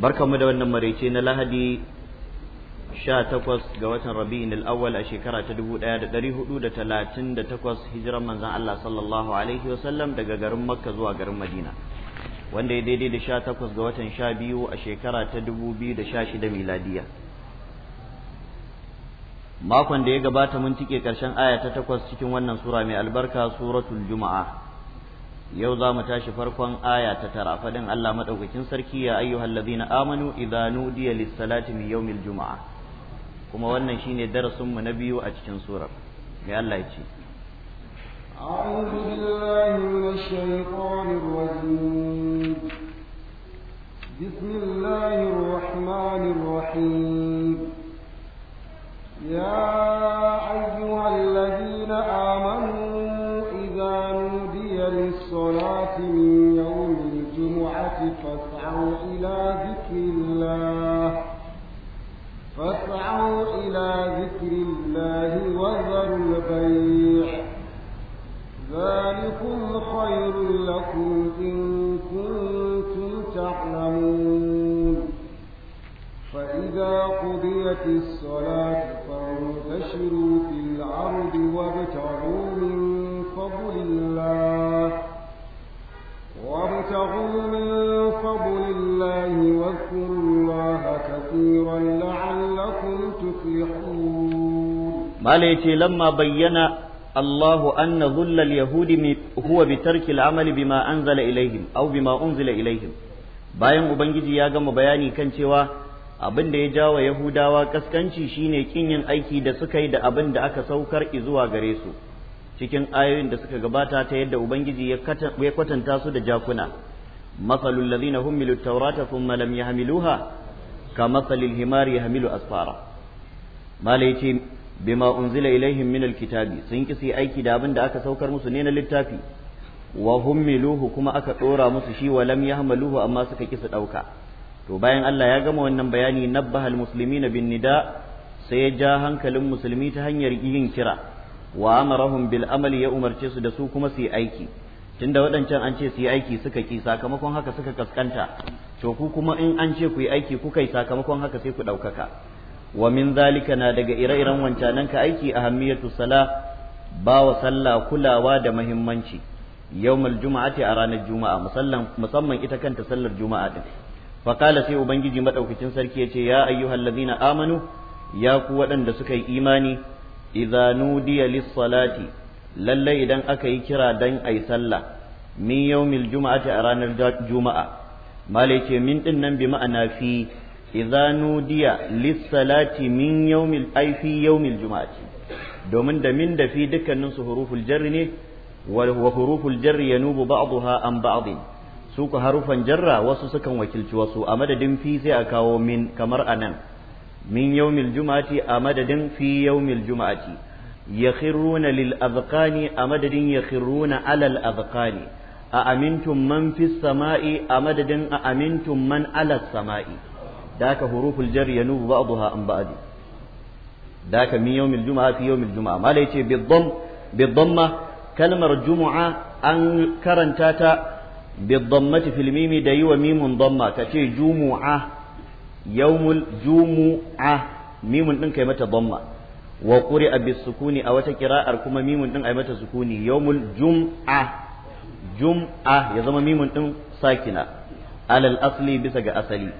barkanmu da wannan maraice na lahadi 18 ga watan rabi'in al-awwal a shekara ta 1438 hijiran manzan Allah sallallahu alaihi wasallam daga garin Makka zuwa garin Madina wanda ya daidai da 18 ga watan 12 a shekara ta 2016 miladiya makon da ya gabata mun tike karshen aya ta 8 cikin wannan sura mai albarka suratul juma'a yau za mu tashi farkon aya ta tara faɗin Allah maɗaukakin sarki ya ayyuhal ladina amanu idza nudiya lis-salati min yawmil juma'a kuma wannan shine darasin mu na biyu a cikin surar mai Allah ya ce أعوذ بالله من الشيطان الرجيم بسم الله الرحمن الرحيم يا أيها وأقيمت الصلاة فانتشروا في الأرض وابتغوا من فضل الله وابتغوا من فضل الله واذكروا الله كثيرا لعلكم تفلحون ما ليتي لما بين الله أن ظل اليهود هو بترك العمل بما أنزل إليهم أو بما أنزل إليهم bayan ubangiji ya gama bayani kan cewa abin da ya jawa yahudawa kaskanci shine kin yin aiki da suka yi da abin da aka saukar zuwa gare su cikin ayoyin da suka gabata ta yadda ubangiji ya kwatanta su da jakuna masalul ladina humilu tawrata thumma lam yahmiluha ka masalil himari yahmilu asfara malai ce bima unzila ilaihim min alkitabi sun kisi aiki da abin da aka saukar musu ne na littafi wa Humiluhu kuma aka dora musu shi wa lam yahmaluhu amma suka kisa dauka to bayan Allah ya gama wannan bayani nabbahal muslimina bin nida sai ya ja hankalin musulmi ta hanyar yin kira wa amarahum bil amali ya umarce su da su kuma su yi aiki tunda waɗancan an ce su yi aiki suka ki sakamakon haka suka kaskanta to ku kuma in an ce ku yi aiki kuka yi sakamakon haka sai ku ɗaukaka wa min zalika na daga ire-iren wancanan ka aiki a hamiyatu sala ba wa sallah kulawa da muhimmanci yawmal juma'ati a ranar juma'a musamman ita kanta sallar juma'a din faƙala sai ubangiji maɗaukacin sarki ya ce ya ayyuhal ladina amanu ya ku waɗanda suka yi imani idza nudiya lis-salati lalle idan aka yi kira dan ai sallah min yawmil juma'ati a ranar juma'a malai ce min din nan bi ma'ana fi idza nudiya lis-salati min yawmil ay fi yawmil juma'ati domin da min da fi dukkanin su huruful jarri ne wa huruful jarri yanubu ba'daha an ba'd su ku harufan jarra wasu sukan wakilci wasu a madadin fi sai a kawo min kamar anan min yawmil juma'ati a madadin fi yawmil juma'ati yakhiruna lil azqani a madadin yakhiruna alal azqani a amintum man fi sama'i a madadin a amintum man alal sama'i da ka huruful jar yanubu ba'daha an ba'd da ka min yawmil juma'a fi yawmil juma'a malai ce bidham bidhamma kalmar juma'a an karanta ta biddammati fil da yi wa mimun damma ka ce jumu'a yawmul jumu'a mimun din kai mata damma waƙuri a bis sukuni a wata kira'ar kuma mimun din ai mata sukuni yawmul jum'a jum'a ya zama mimun ɗin sakina alal asali bisa ga asali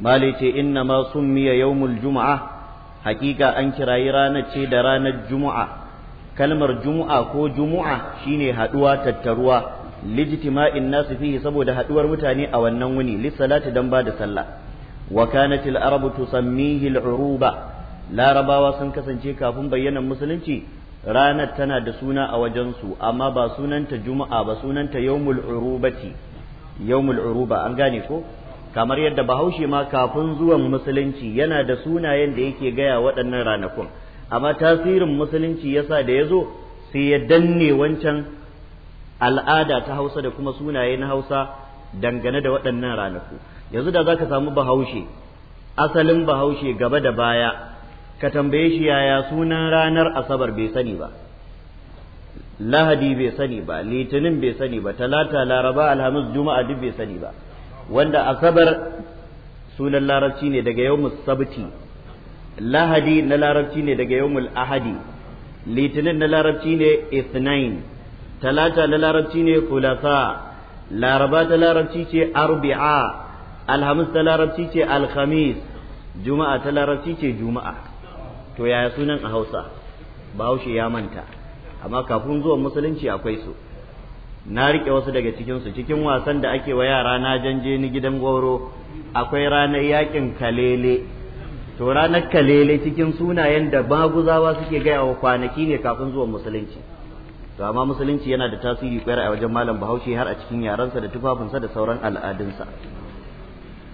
mali ce inna ma miya yawmul jumu'a hakika an kirayi ranar ce da ranar jumu'a kalmar jumu'a ko jumu'a shine haduwa tattaruwa lijtima'in nasu fihi saboda haduwar mutane a wannan wuni salati dan bada sallah wa kanat al-arabu tusammihi al-uruba larabawa sun kasance kafin bayyana musulunci ranar tana da suna a wajen su amma ba sunanta juma'a ba sunanta yawmul urubati yawmul uruba an gane ko kamar yadda bahaushe ma kafin zuwan musulunci yana da sunayen da yake gaya waɗannan ranakun amma tasirin musulunci yasa da ya zo sai ya danne wancan al'ada ta hausa da kuma sunaye na hausa dangane da waɗannan ranaku yanzu da za ka samu bahaushe asalin bahaushe gaba da baya ka tambaye shi yaya sunan ranar asabar bai sani ba lahadi bai sani ba litinin bai sani ba talata laraba alhamis juma'a duk bai sani ba wanda asabar sunan larabci ne daga yau sabti lahadi na larabci ne daga yawmul ahadi litinin na larabci ne ithnain talata na larabci ne Kulasa, laraba ta larabci ce arbi'a alhamis ta larabci ce alhamis juma'a ta larabci ce juma'a to yaya sunan a hausa bahaushe ya manta amma kafin zuwa musulunci akwai su na riƙe wasu daga cikinsu cikin wasan da ake wa yara na janje ni gidan goro akwai ranar yakin kalele to ranar kalele cikin sunayen da maguzawa suke gaya wa kwanaki ne kafin zuwan musulunci to amma musulunci yana da tasiri kwayar a wajen malam bahaushe har a cikin yarensa da tufafinsa da sauran al'adunsa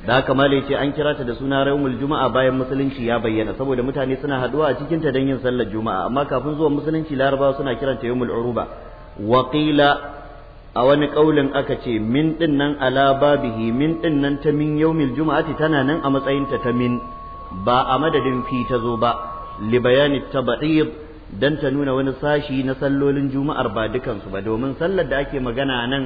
da haka malai ce an kira ta da suna raumul juma'a bayan musulunci ya bayyana saboda mutane suna haduwa a cikin ta don yin sallar juma'a amma kafin zuwan musulunci larabawa suna kiranta yawmul uruba wa a wani kaulin aka ce min ɗin nan ala babihi min ɗin nan ta min yaumil juma'ati tana nan a matsayinta ta min ba a madadin fi ta zo ba li bayani tabaid dan ta nuna wani sashi na sallolin juma'ar ba dukansu ba domin sallar da ake magana nan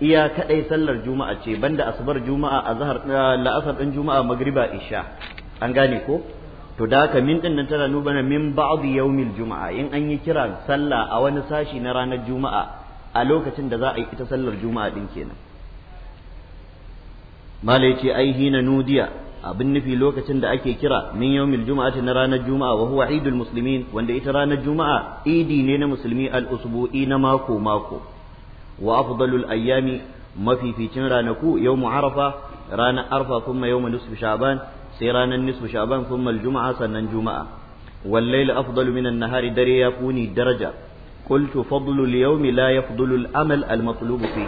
iya kadai sallar juma'a ce banda asubar juma'a azhar eh, la'asar din juma'a magriba isha an gane ko to da haka min din nan tana nuna min ba'd yawmil juma'a in an yi kira sallah a wani sashi na ranar juma'a a lokacin da za a yi ita sallar juma'a din kenan malai ce ai hina nudiya abin nufi lokacin da ake kira min yawmil juma'ati na ranar juma'a wa huwa idul muslimin wanda ita ranar juma'a idi ne na musulmi al usbu'i na mako mako wa afdalul ayyami mafificin ranaku yawmu arafa ranar arfa kuma yawmu nisfu sha'ban sai ranar nisfu sha'ban kuma al juma'a sannan juma'a wal layl minan min nahari dare ya kuni daraja qultu fadlul yawmi la yafdulu al amal al matlubu fihi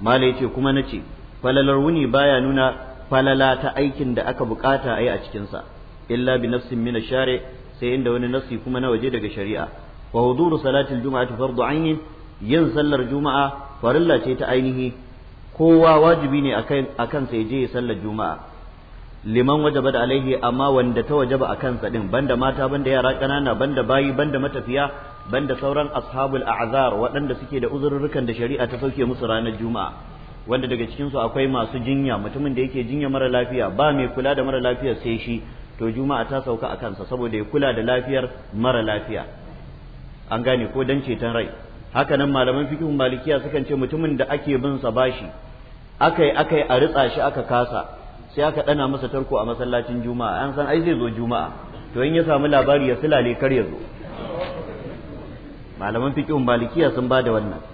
mala ce kuma nace falalar wuni baya nuna falala ta aikin da aka bukata a yi a cikinsa illa bi nafsin share sai inda wani nafsi kuma na waje daga shari'a wa huduru salatil ta fardu ainin yin sallar juma'a farilla ce ta ainihi kowa wajibi ne a kansa ya je ya sallar juma'a liman wajaba da alaihi amma wanda ta wajaba a kansa din banda mata banda yara kanana banda bayi banda matafiya banda sauran ashabul a'zar waɗanda suke da uzurrukan da shari'a ta sauke musu ranar juma'a wanda daga cikin su akwai masu jinya mutumin da yake jinya mara lafiya ba mai kula da mara lafiyar sai shi to juma'a ta sauka a kansa saboda ya kula da lafiyar mara lafiya an gane ko dan ceton rai haka nan malaman fikihun malikiya sukan ce mutumin da ake bin sa bashi akai akai a ritsa shi aka kasa sai aka dana masa tarko a masallacin juma'a an san ai zai zo juma'a to in ya samu labari ya silale kar ya zo malaman fikihun malikiya sun ba da wannan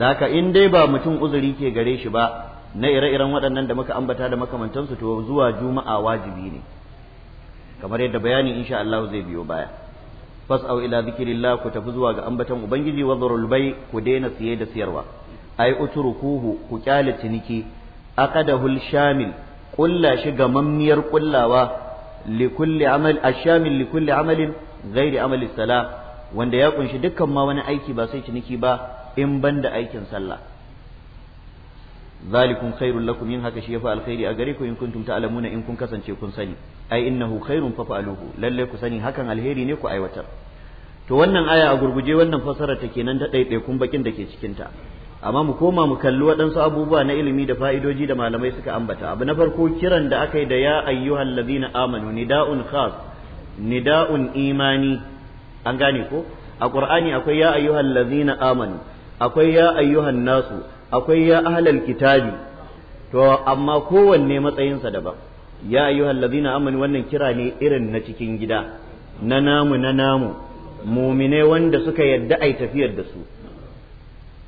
da in dai ba mutum uzuri ke gare shi ba na ire-iren waɗannan da muka ambata da makamantansu to zuwa juma'a wajibi ne kamar yadda bayani insha Allah zai biyo baya fas'au ila zikrillah ku tafi zuwa ga ambatan ubangiji wa zurul bai ku daina siye da siyarwa ai kuhu ku kyale ciniki aqadahul shamil kulla shi ga mammiyar kullawa kulli amal ashamil kulli amalin ghairi amali salah wanda ya kunshi dukkan ma wani aiki ba sai ciniki ba in banda aikin sallah zalikum khairul lakum yin haka shi yafi alkhairi a gare ku in kuntum ta'lamuna in kun kasance kun sani ai innahu khairun fa'aluhu lalle ku sani hakan alheri ne ku aiwatar to wannan aya a gurguje wannan fasara ta kenan ta kun bakin da ke cikin ta amma mu koma mu kalli waɗansu abubuwa na ilimi da fa'idoji da malamai suka ambata abu na farko kiran da aka yi da ya ayyuhal ladina amanu nida'un khas nida'un imani an gane ko a qur'ani akwai ya ayyuhal ladina amanu akwai ya ayyuhan nasu akwai ya ahlal kitabi to amma kowanne matsayinsa daban ya ayyuhal ladina amanu wannan kira ne irin na cikin gida na namu na namu mumine wanda suka yadda ai tafiyar da su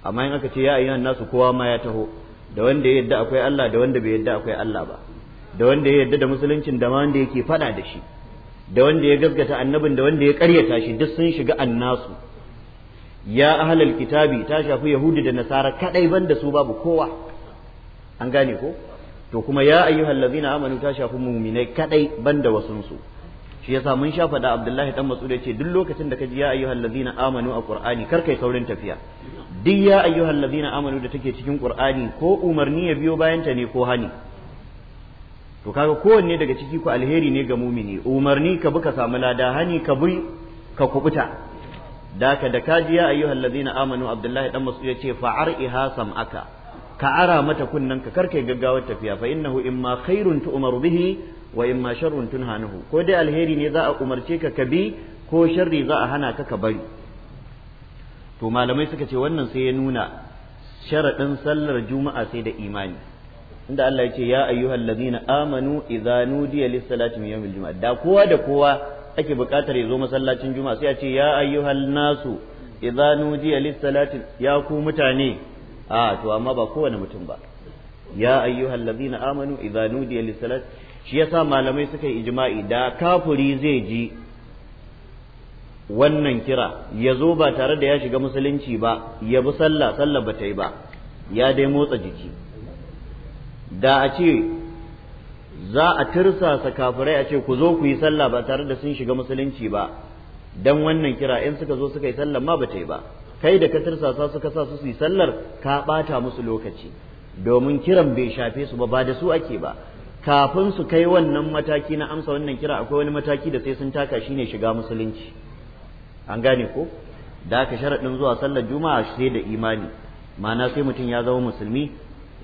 amma in aka ce ya ayyuhan nasu kowa ma ya taho da wanda ya yadda akwai Allah da wanda bai yadda akwai Allah ba da wanda ya yadda da musuluncin da ma wanda yake fada da shi da wanda ya gaggata annabin da wanda ya karyata shi duk sun shiga annasu ya ahlal kitabi ta shafi yahudi da nasara kadai banda su babu kowa an gane ko to kuma ya ayyuhal ladzina amanu ta shafi mu'minai kadai banda wasun su shi yasa mun shafaɗa da Abdullahi dan Mas'ud yace duk lokacin da kaji ya ayyuhal ladzina amanu a Qur'ani kar kai saurin tafiya duk ya ayyuhal ladzina amanu da take cikin Qur'ani ko umarni ya biyo bayanta ta ne ko hani to kaga kowanne daga ciki ku alheri ne ga mumini umarni ka bi samu lada hani ka bi ka kubuta daka da kaji ya ayyuhal ladina amanu abdullahi dan ya ce fa'ar iha sam'aka ka ara mata kunnen ka karkai gaggawar tafiya fa innahu imma khairun tu'maru bihi wa imma sharrun tunhanuhu ko dai alheri ne za a umarce ka ka bi ko sharri za a hana ka ka bari to malamai suka ce wannan sai ya nuna sharadin sallar juma'a sai da imani inda Allah ya ce ya ayyuhal ladina amanu idza nudiya lis-salati min yawmil juma'a da kowa da kowa ake buƙatar ya zo masallacin juma'a sai a ce ya ayyuhal nasu idza nudiya lis-salati ya ku mutane a to amma ba kowane mutum ba ya ayyuhal ladina amanu idza nudiya lis-salati shi yasa malamai suka yi ijma'i da kafuri zai ji wannan kira ya zo ba tare da ya shiga musulunci ba ya bi sallah sallah ba ta yi ba ya dai motsa jiki da a ce za a tirsasa kafirai a ce ku zo ku yi sallah ba tare da sun shiga musulunci ba dan wannan kira in suka zo suka yi sallah ma ba ta yi ba kai da ka tirsasa suka sa su yi sallar ka bata musu lokaci domin kiran bai shafe su ba ba da su ake ba kafin su kai wannan mataki na amsa wannan kira akwai wani mataki da sai sun taka shine shiga musulunci an gane ko da aka sharaɗin zuwa sallar juma'a sai da imani ma'ana sai mutum ya zama musulmi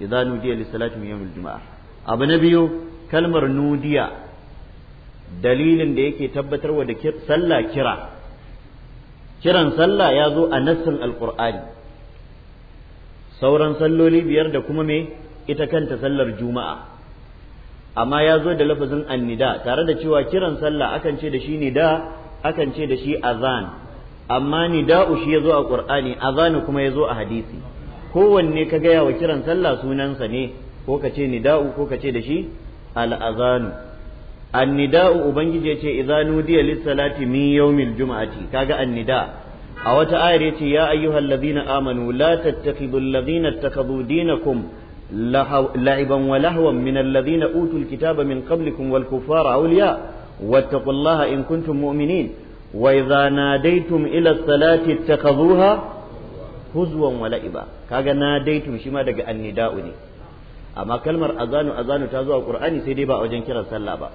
idan nudiya lissalati min juma'a abu na biyu kalmar nudiya dalilin da yake tabbatar wa da sallah kira kiran sallah ya zo a nassin alkur'ani sauran salloli biyar da kuma me ita kanta sallar juma'a amma ya zo da lafazin annida tare da cewa kiran sallah akan ce da shi nida akan ce da shi azan amma nida'u shi ya zo a ƙur'ani azanu kuma ya zo a hadisi kowanne ka gaya wa kiran sallah sunansa ne ko ka ce nida'u ko ka ce da shi al'azanu annida'u ubangiji yace idza nudiya lis-salati min yawmil jum'ati kaga annida a wata ayar yace ya ayyuhal ladina amanu la tattakhidul ladina ittakhadhu dinakum la'iban wa lahwan min alladhina utul kitaba min qablikum wal kuffara awliya wattaqullaha in kuntum mu'minin wa idza nadaytum ila as-salati ittakhadhuha huzwan wa la'iba kaga nadaytum shi ma daga annida'u ne amma kalmar azanu azanu ta zo a qur'ani sai dai ba a wajen kiran sallah ba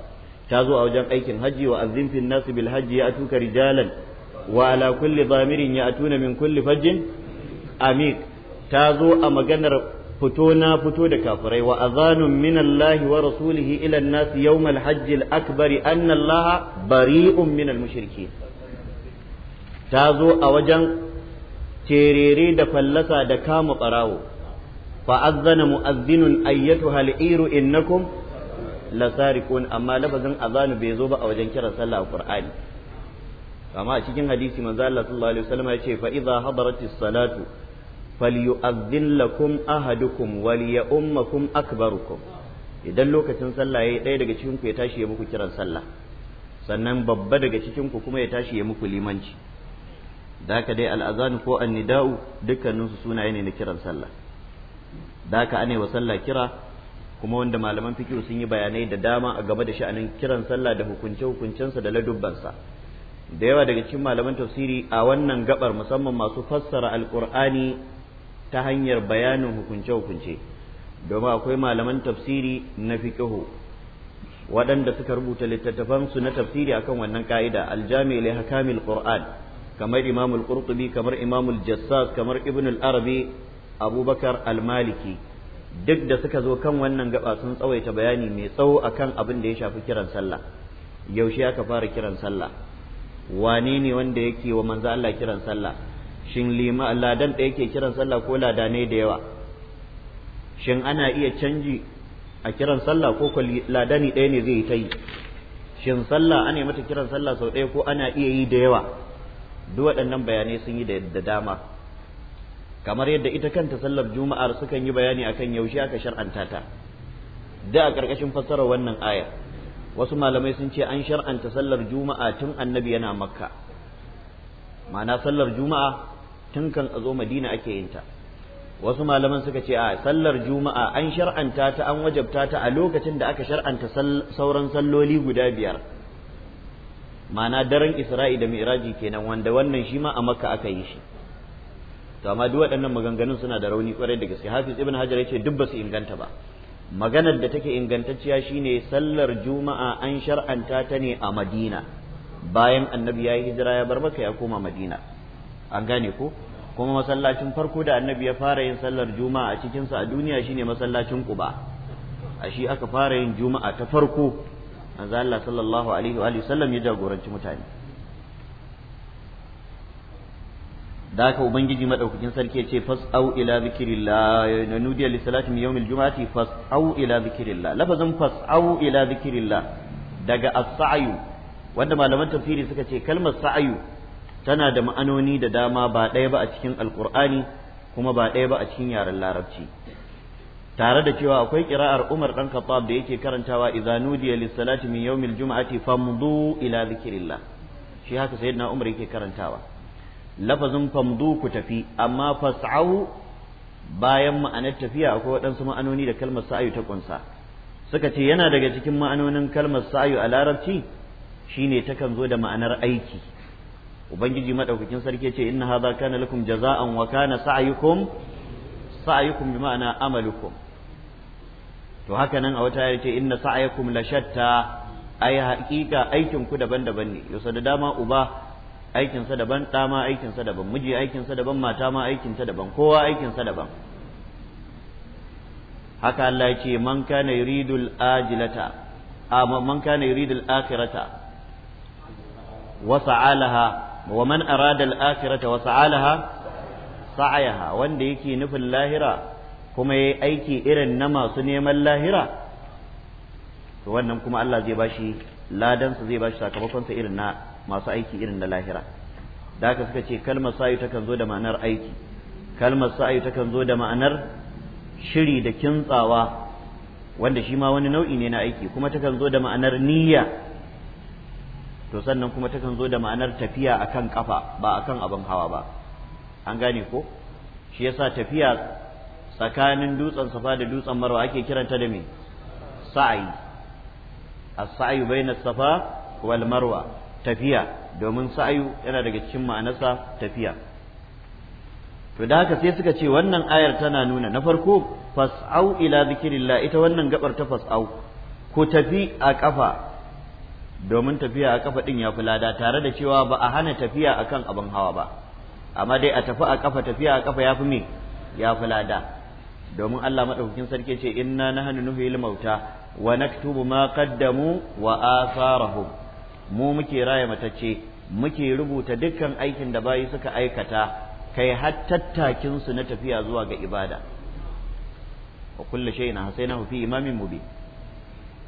ta zo a wajen aikin hajji wa azzin fil nas bil hajji ya'tuka rijalan wa ala kulli ya ya'tuna min kulli fajjin amik ta zo a maganar fito na fito da kafirai wa minallahi min Allah wa rasulihi ila an-nas yawm al-hajj al-akbar anna Allah bari'un min al ta zo a wajen terere da fallasa da kama barawo فأذن مؤذن أيتها العير إنكم لسارقون أما لفظ أذان بيزوبة أو جنكرة صلى الله القرآن فما أشكين حديث من ذال الله صلى الله عليه وسلم يشي فإذا حضرت الصلاة فليؤذن لكم أحدكم وليؤمكم أكبركم idan lokacin sallah yayi ɗaya daga cikin ku ya tashi ya muku kiran sallah sannan babba daga cikin ku kuma ya tashi ya muku limanci da haka dai al'azan ko annida'u dukkanin su sunaye ne na kiran sallah da haka ane wa sallah kira kuma wanda malaman fikihu sun yi bayanai da dama a gaba da sha'anin kiran sallah da hukunce hukuncensa da ladubbansa da yawa daga cikin malaman tafsiri a wannan gabar musamman masu fassara alqur'ani ta hanyar bayanin hukunce hukunce domin akwai malaman tafsiri na fikihu waɗanda suka rubuta littattafan su na tafsiri akan wannan ka'ida aljami li hakamil qur'an kamar imamul qurtubi kamar imamul jassas kamar ibnul al-arabi abubakar almaliki duk da suka zo kan wannan gaba sun tsawaita bayani mai tsawo akan abin da ya shafi kiran sallah yaushe aka fara kiran sallah wane ne wanda yake wa manzo Allah kiran sallah shin ladan da yake kiran sallah ko ladane da yawa shin ana iya canji a kiran sallah ko ladani ɗaya ne zai yi ta yi shin sallah ana mata kiran sallah sau ɗaya ko ana iya yi da yawa duk waɗannan bayanai sun yi da dama kamar yadda ita kanta sallar juma'ar sukan yi bayani akan yaushe aka shar'anta ta da a ƙarƙashin fassarar wannan ayar wasu malamai sun ce an shar'anta sallar juma'a tun annabi yana makka ma'ana sallar juma'a tun kan a zo madina ake yin ta wasu malaman suka ce a sallar juma'a an shar'anta ta an wajabta ta a lokacin da aka shar'anta sauran salloli guda biyar ma'ana daren isra'i da mi'raji kenan wanda wannan shi ma a makka aka yi shi to amma duk waɗannan maganganun suna da rauni kwarai da gaske hafiz ibn hajar yace duk ba su inganta ba maganar da take ingantacciya shine sallar juma'a an shar'anta ta ne a madina bayan annabi ya yi hijira ya bar maka ya koma madina an gane ko kuma masallacin farko da annabi ya fara yin sallar juma'a a cikinsa a duniya shine masallacin quba a shi aka fara yin juma'a ta farko manzo Allah sallallahu alaihi wa sallam ya jagoranci mutane da haka ubangiji madaukakin sarki ya ce fas'au ila zikrillah na nudiya li salatin yawmil fas fas'au ila zikrillah lafazin fas'au ila zikrillah daga as-sa'yu wanda malaman tafsiri suka ce kalmar sa'yu tana da ma'anoni da dama ba ɗaya ba a cikin alqur'ani kuma ba ɗaya ba a cikin yaren larabci tare da cewa akwai kira'ar Umar dan Khattab da yake karantawa idza nudiya li salati min yawmil juma'ati famdu ila zikrillah shi haka sayyidina Umar yake karantawa lafazin famdu ku tafi amma fas'au bayan ma'anar tafiya akwai waɗansu ma'anoni da kalmar sa'ayu ta kunsa suka ce yana daga cikin ma'anonin kalmar sa'ayu a larabci shine takan zo da ma'anar aiki ubangiji madaukakin sarki ce inna hadha kana lakum jaza'an wa kana sa'yukum sa'yukum bi ma'ana amalukum to haka nan a wata ya ce inna sa'yakum la shatta ai haƙiƙa aikin ku daban-daban ne yau da dama uba aikinsa daban ɗa ma aikinsa daban miji aikinsa daban mata ma aikinta daban kowa aikinsa daban haka Allah ya ce man kana yuridul ajilata a man kana yuridul akhirata wa sa'alaha wa man arada al-akhirata wa sa'alaha sa'ayaha wanda yake nufin lahira kuma yayi aiki irin na masu neman lahira to wannan kuma Allah zai bashi ladan su zai bashi sakamakon sa irin na masu aiki irin na lahira da haka suka ce kalmar sai takan zo da ma'anar aiki kalmar sa'ayu takan zo da ma'anar shiri da kintsawa wanda shi ma wani nau'i ne na aiki kuma takan zo da ma'anar niyya to sannan kuma takan zo da ma'anar tafiya akan kafa ba akan abin hawa ba an gane ko shi yasa tafiya tsakanin dutsen safa da dutsen marwa ake kiranta da me sa'ayi as-sa'yu bainas safa wal marwa tafiya domin sa'ayu yana daga cikin ma'anarsa tafiya to da haka sai suka ce wannan ayar tana nuna na farko fas'au ila zikirillah ita wannan gabar ta fas'au ku tafi a kafa domin tafiya a kafa din ya lada tare da cewa ba a hana tafiya akan abin hawa ba amma dai a tafi a kafa tafiya a kafa yafi me ya lada domin Allah madaukakin sarki ce inna nahnu nuhil mauta wa naktubu ma qaddamu wa atharahum mu muke raya matacce muke rubuta dukkan aikin da bayi suka aikata kai har tattakin su na tafiya zuwa ga ibada wa kullu shay'in hasainahu fi imamin mubin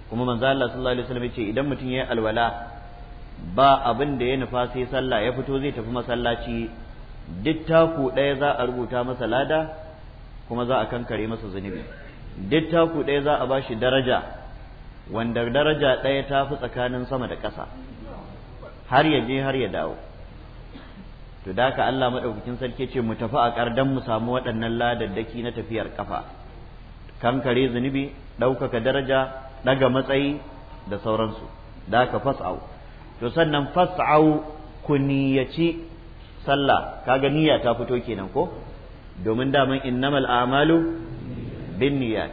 kuma manzo Allah sallallahu alaihi wasallam yace idan mutum yayi alwala ba abin da ya nufa sai sallah ya fito zai tafi masallaci duk taku ɗaya za a rubuta masa lada kuma za a kankare masa zunubi duk taku ɗaya za a bashi daraja wanda daraja ɗaya ta fi tsakanin sama da ƙasa har ya je har ya dawo to da ka Allah madaukakin sarki ce mu tafi a kardan mu samu waɗannan ladaddaki na tafiyar kafa kankare zunubi ɗaukaka daraja ɗaga matsayi da sauransu da ka fas'au to sannan fas'au ku niyaci sallah kaga niyya ta fito kenan ko domin daman innamal a'malu bin niyyat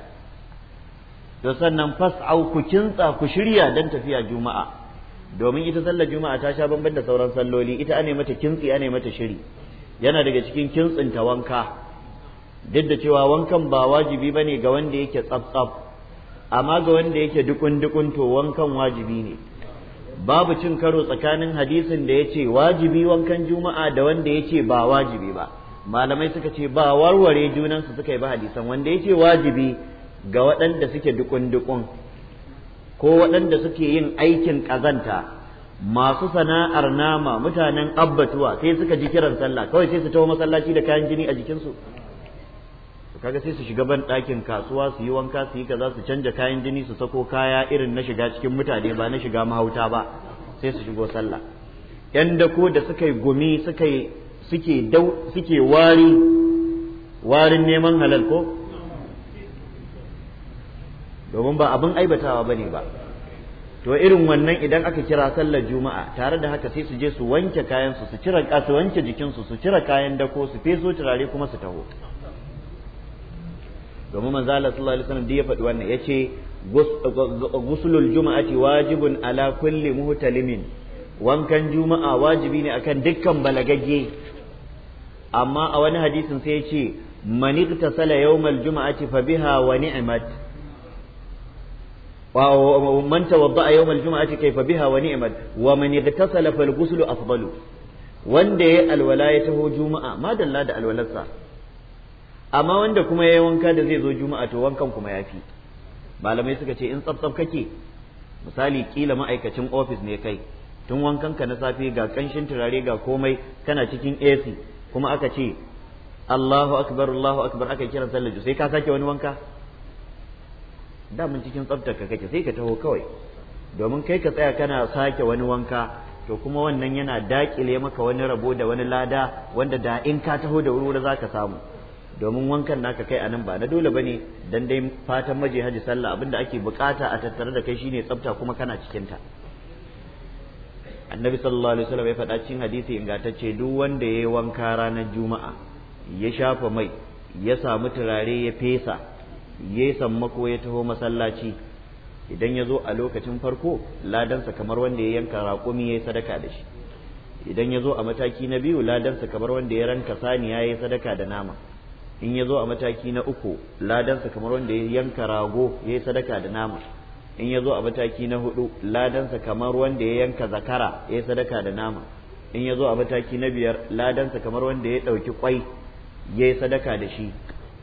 to sannan fas'au ku kintsa ku shirya dan tafiya juma'a domin ita sallar juma'a ta sha bamban da sauran salloli ita ane mata kintsi ane mata shiri yana daga cikin kintsinta wanka duk da cewa wankan ba wajibi bane ga wanda yake tsaf amma ga wanda yake dukun dukun to wankan wajibi ne babu cin karo tsakanin hadisin da yace wajibi wankan juma'a da wanda yace ba wajibi ba malamai suka ce ba warware junansu suka yi ba hadisan wanda yace wajibi ga waɗanda suke dukun dukun ko waɗanda suke yin aikin ƙazanta masu sana'ar nama mutanen abbatuwa sai suka ji kiran sallah kawai sai su taho masallaci da kayan jini a jikinsu kaga sai su shiga ban ɗakin kasuwa su yi wanka su yi kaza su canja kayan jini su sako kaya irin na shiga cikin mutane ba na shiga mahauta ba sai su shigo sallah yan dako da suka yi gumi suka yi suke wari warin neman halal ko domin ba abin aibatawa bane ba to irin wannan idan aka kira sallar juma'a tare da haka sai su je su wanke kayan su su cire su wanke jikin su su cire kayan dako su feso turare kuma su taho domin manzo Allah sallallahu alaihi wasallam ya faɗi wannan yace guslul juma'ati wajibun ala kulli muhtalimin wankan juma'a wajibi ne akan dukkan balagagge amma a wani hadisin sai yace man igtasala yawmal juma'ati fa biha wa ni'mat man tawadda yawm aljum'ati kayfa biha wa ni'mat wa man igtasala fal guslu afdalu wanda yayi alwala ya taho juma'a madalla da alwalarsa amma wanda kuma yi wanka da zai zo juma'a to wankan kuma yafi malamai suka ce in tsaftsaf kake misali kila ma'aikacin ofis ne kai tun wankan ka na safe ga kanshin turare ga komai kana cikin AC kuma aka ce Allahu akbar Allahu akbar aka kira sallar sai ka sake wani wanka da mun cikin tsaftar ka kake sai ka taho kawai domin kai ka tsaya kana sake wani wanka to kuma wannan yana dakile maka wani rabo da wani lada wanda da in ka taho da wuri za ka samu domin wankan naka kai anan ba na dole bane dan dai fatan maje haji sallah abinda ake bukata a tattare da kai shine tsafta kuma kana cikin ta annabi sallallahu alaihi wasallam ya faɗa cikin hadisi ingantacce duk wanda yayi wanka ranar juma'a ya shafa mai ya samu turare ya fesa yayi sammako ya taho masallaci idan ya zo a lokacin farko ladansa kamar wanda ya yanka raƙumi ya yi sadaka da shi idan ya zo a mataki na biyu ladansa kamar wanda ya ranka saniya ya yi sadaka da nama in ya zo a mataki na uku ladansa kamar wanda ya yanka rago ya yi sadaka da nama in ya zo a mataki na hudu ladansa kamar wanda ya yanka zakara ya yi sadaka da nama in ya zo a mataki na biyar ladansa kamar wanda ya ɗauki kwai ya yi sadaka da shi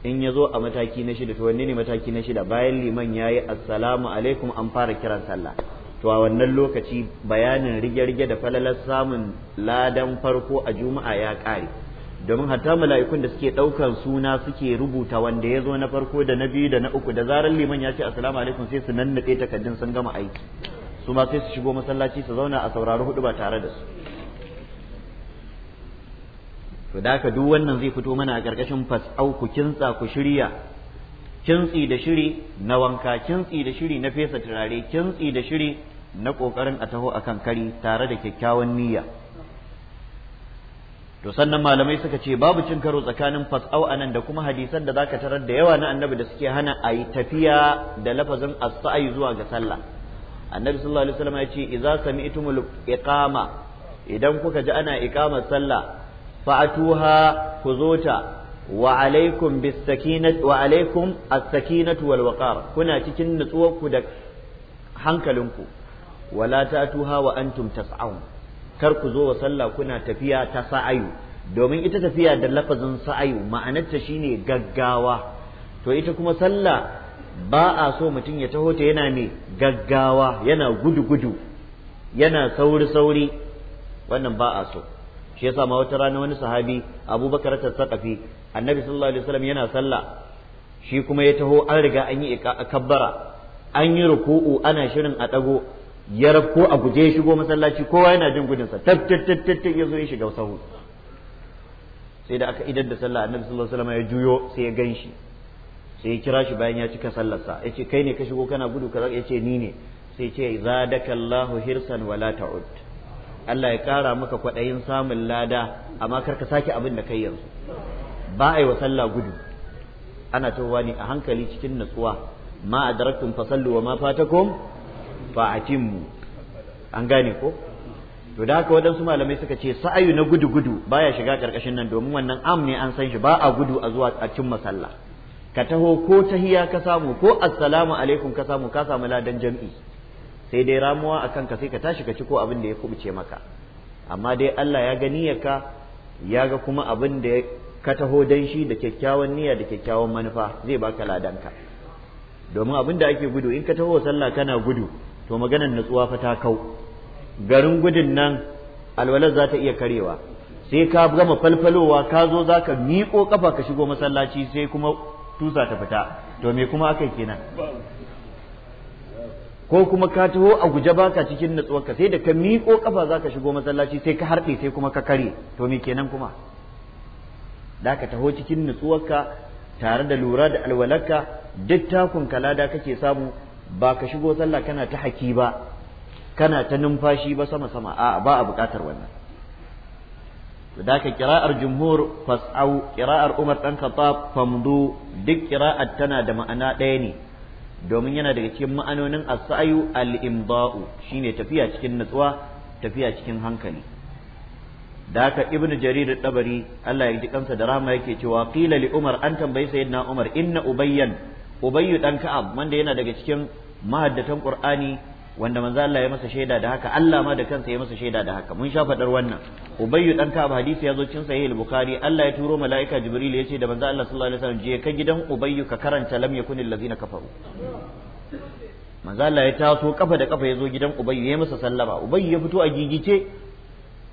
in ya zo a mataki na shida to wanne ne mataki na shida bayan liman ya yi assalamu alaikum an fara kiran sallah to a wannan lokaci bayanin rige-rige da falalar samun ladan farko a juma'a ya ƙare domin hatta mala'ikun da suke ɗaukan suna suke rubuta wanda ya zo na farko da na biyu da na uku da zarar liman ya ce assalamu alaikum sai su nannaɗe takardun sun gama aiki su ma sai su shigo masallaci su zauna a saurari hudu ba tare da su to da duk wannan zai fito mana a ƙarƙashin fas'au ku kintsa ku shirya kintsi da shiri na wanka kintsi da shiri na fesa turare kintsi da shiri na ƙoƙarin a taho a kan kari tare da kyakkyawan niyya to sannan malamai suka ce babu cin karo tsakanin fas'au anan da kuma hadisan da zaka tarar da yawa na annabi da suke hana a yi tafiya da lafazin as-sa'i zuwa ga sallah annabi sallallahu alaihi wasallam ya ce idza sami'tumul iqama idan kuka ji ana iqamar sallah fa'atuha ku zo ta wa alaikum bisakinat wa alaikum as-sakinatu kuna cikin da hankalinku wala tatuha wa antum tas'aun kar ku zo wa sallah kuna tafiya ta sa'ayu domin ita tafiya da lafazin sa'ayu ma'anarta shine gaggawa to ita kuma sallah ba a so mutum ya taho ta yana ne gaggawa yana gudu gudu yana sauri sauri wannan ba a so shi yasa ma wata rana wani sahabi abubakar tasaqafi annabi sallallahu alaihi wasallam yana sallah shi kuma ya taho an riga an yi kabbara an yi ruku'u ana shirin a dago ya rafko a guje shigo masallaci kowa yana jin gudunsa tab tab tab tab ya zo ya shiga sahu sai da aka idar da sallah annabi sallallahu alaihi wasallam ya juyo sai ya ganshi sai ya kira shi bayan ya cika sallarsa ya ce kai ne ka shigo kana gudu kaza ya ce ni ne sai ya ce zadakallahu hirsan wala ta'ud Allah ya ƙara maka kwaɗayin samun lada amma kar ka sake abin da kai yanzu ba a yi wa sallah gudu ana tawowa ne a hankali cikin natsuwa ma adraktum fasallu wa ma fatakum fa atimmu an gane ko to da haka wadansu malamai suka ce sa'ayu na gudu gudu baya shiga karkashin nan domin wannan am ne an san shi ba a gudu a zuwa a cimma sallah ka taho ko tahiya ka samu ko assalamu alaikum ka samu ka samu ladan jam'i sai dai ramuwa a ka sai ka tashi ka ci ko abin da ya kubuce maka amma dai Allah ya ga niyyarka ya ga kuma abin da ka taho dan shi da kyakkyawan niyya da kyakkyawan manufa zai baka ladanka domin abin da ake gudu in ka taho sallah kana gudu to maganar natsuwa fa ta kau garin gudun nan alwalar za ta iya karewa sai ka gama falfalowa ka zo za ka miƙo ƙafa ka shigo masallaci sai kuma tusa ta fita to me kuma aka kenan ko kuma ka taho a guje baka cikin natsuwarka sai da ka miƙo ƙafa za ka shigo masallaci sai ka harɗe sai kuma ka kare to me kenan kuma da ka taho cikin natsuwarka tare da lura da alwalarka duk takun kalada kake samu ba ka shigo sallah kana ta haki ba kana ta numfashi ba sama sama a ba a buƙatar wannan da ka kira'ar jumhur fas'au kira'ar umar dan khattab famdu duk kira'ar tana da ma'ana ɗaya ne domin yana daga cikin ma'anonin as-sa'yu al-imda'u shine tafiya cikin natsuwa tafiya cikin hankali da haka ibnu jarir tabari Allah ya ji kansa da rahama yake cewa qila li umar an tambayi sayyidina umar inna ubayyan ubayyu dan ka'ab wanda yana daga cikin mahaddatan qur'ani wanda manzo Allah ya masa shaida da haka Allah ma da kansa ya masa shaida da haka mun sha fadar wannan ubayyu dan ka hadisi ya zo cin sahih al-bukhari Allah ya turo malaika jibril ya ce da manzo Allah sallallahu alaihi wasallam je ka gidan ubayyu ka karanta lam yakun allazina kafaru manzo Allah ya taso kafa da kafa ya zo gidan ubayyu ya masa sallama ubayyu ya fito a gigice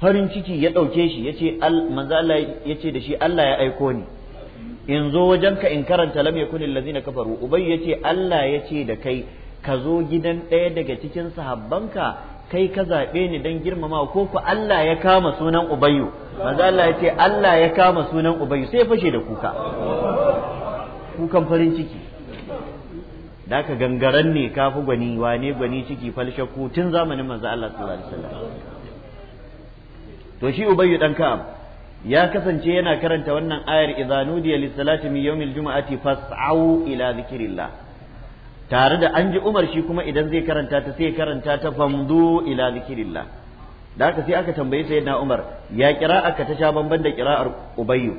farin ciki ya dauke shi ya ce manzo Allah ya ce da shi Allah ya aiko ni in zo wajenka in karanta lam yakun allazina kafaru ubayyu ya ce Allah ya ce da kai ka zo gidan ɗaya daga cikin sahabbanka kai ka zaɓe ni don girmama ko ku Allah ya kama sunan ubayyu maza Allah ya ce Allah ya kama sunan ubayyu sai fashe da kuka kukan farin ciki da ka gangaren ne ka fi gwani wane gwani ciki ku tun zamanin maza Allah sallallahu alaihi wasallam to shi ubayyu dan ka'am ya kasance yana karanta wannan ayar idza nudiya lis-salati min yawmil juma'ati fas'au ila dhikrillah tare da an ji Umar shi kuma idan zai karanta ta sai karanta ta famdu ila zikrillah da haka sai aka tambaye na Umar ya kira aka ta sha bamban da kira'ar Ubayyu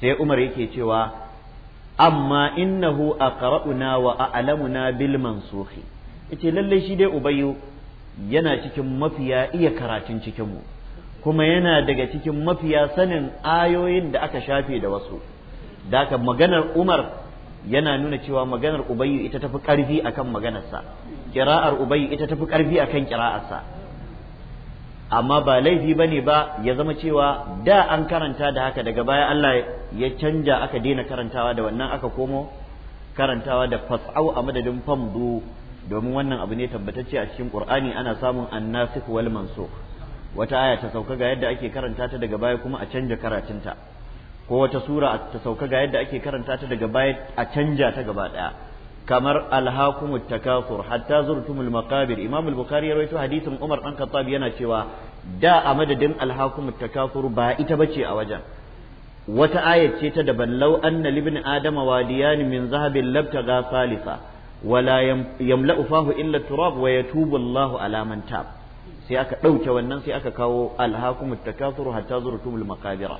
sai Umar yake cewa amma innahu aqra'una wa a'lamuna bil mansukhi yace lalle shi dai Ubayyu yana cikin mafiya iya karatun cikin mu kuma yana daga cikin mafiya sanin ayoyin da aka shafe da wasu da maganar Umar yana nuna cewa maganar ubayyu ita tafi karfi akan maganarsa kira'ar ubayyu ita tafi karfi akan kira'arsa amma ba laifi bane ba ya zama cewa da an karanta da haka daga baya Allah ya canja aka daina karantawa da wannan aka komo karantawa da fas'au a madadin famdu domin wannan abu ne tabbatacce a cikin Qur'ani ana samun annasikh wal mansukh wata aya ta sauka ga yadda ake karanta ta daga baya kuma a canja karatunta ko wata sura ta sauka ga yadda ake karanta ta daga baya a canja ta gaba daya kamar alhakumut takasur hatta zurtumul maqabir imam al-bukhari ya rawaito hadisin umar dan khattab yana cewa da a madadin alhakumut takasur ba ita bace a wajen wata ayat ce ta da ballau anna libni adama wadiyan min zahabin labtaga salisa wala yamla'u fahu illa turab wa yatubu Allahu ala man tab sai aka dauke wannan sai aka kawo alhakumut takasur hatta zurtumul maqabira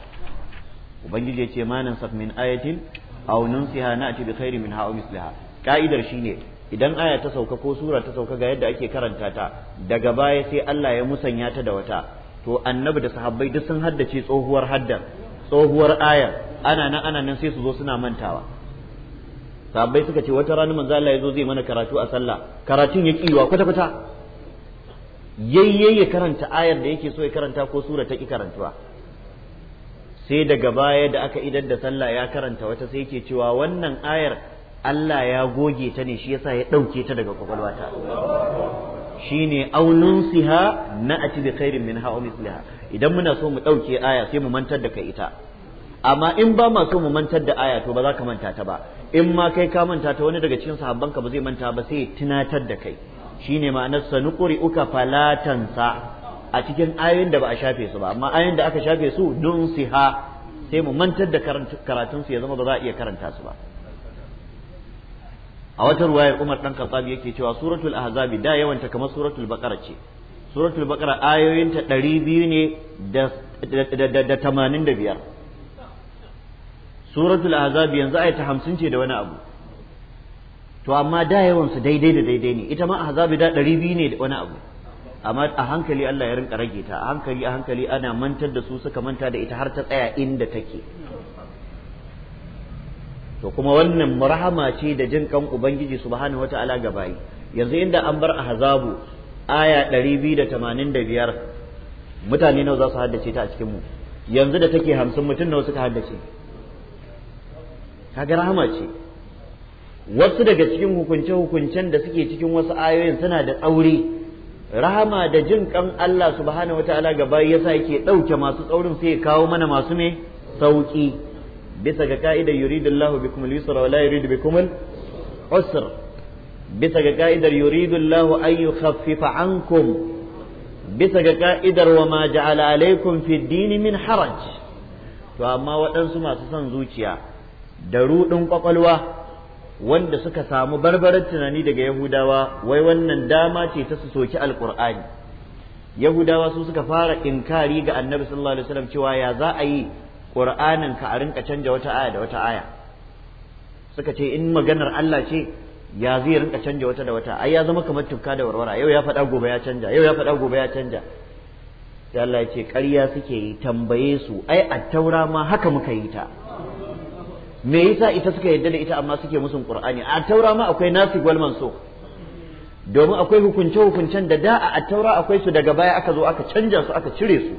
ubangiji ya ce ma saf min ayatin aw nunsiha na'ti bi khairin minha aw misliha ka'idar shine idan aya ta sauka ko sura ta sauka ga yadda ake karanta ta daga baya sai Allah ya musanya ta da wata to annabi da sahabbai duk sun haddace tsohuwar haddar tsohuwar ayar ana nan ana nan sai su zo suna mantawa sahabbai suka ce wata rana manzo Allah ya zai mana karatu a sallah karatun ya kiwa kwata kwata yayye ya karanta ayar da yake so ya karanta ko sura ta ki karantuwa sai daga baya da aka idar da sallah ya karanta wata sai yake cewa wannan ayar Allah ya goge ta ne shi yasa ya ɗauke ta daga kwakwalwata shine aunun siha na ati bi khairin min ha'u misliha idan muna so mu ɗauke aya sai mu mantar da kai ita amma in ba ma so mu mantar da aya to ba za ka manta ta ba in ma kai ka manta ta wani daga cikin ka ba zai manta ba sai tunatar da kai shine ma'anar sanuquri uka sa a cikin ayoyin da ba a shafe su ba amma ayoyin da aka shafe su dun siha sai mu mantar da karatun su ya zama ba za a iya karanta su ba a wata ruwayar Umar dan Khattab yake cewa suratul ahzab da yawanta kamar suratul baqara ce suratul baqara ayoyin ɗari biyu ne da tamanin da biyar suratul ahzab yanzu ayata hamsin ce da wani abu to amma da yawansu daidai da daidai ne ita ma ahzab da ɗari biyu ne da wani abu amma a hankali Allah ya rinka rage ta a hankali a hankali ana mantar da su suka manta da ita har ta tsaya inda take to kuma wannan marhama ce da jin kan ubangiji subhanahu wataala ga bayi yanzu inda an bar ahzabu aya 285 mutane nawa za su haddace ta a cikin mu yanzu da take 50 mutum nawa suka haddace kaga rahama ce wasu daga cikin hukunce-hukuncen da suke cikin wasu ayoyin suna da tsauri rahama da jin kan Allah subhanahu wataala gaba yasa yake ɗauke masu tsaurin sai ya kawo mana masu me sauki bisa ga ka'idar yuridullahu bikum al-yusra wa la yuridu bikum al-usr bisa ga ka'idar yuridullahu an yukhaffifa ankum bisa ga ka'idar wa ma ja'ala alaykum fi din min haraj to amma waɗansu masu son zuciya da ruɗin kwakwalwa wanda suka samu barbarar tunani daga yahudawa wai wannan dama ce ta su soki alkur'ani yahudawa su suka fara inkari ga annabi sallallahu alaihi wasallam cewa ya za a yi qur'anin ka a rinka canja wata aya da wata aya suka ce in maganar Allah ce ya zai rinka canja wata da wata ai ya zama kamar tukka da warwara yau ya faɗa gobe ya canja yau ya faɗa gobe ya canja sai Allah ya ce ƙarya suke yi tambaye su ai attaura ma haka muka yi ta me yasa ita suka yadda da ita amma suke musun qur'ani a taura ma akwai nasi wal so. domin akwai hukunce hukuncen da da a taura akwai su daga baya aka zo aka canja su aka cire su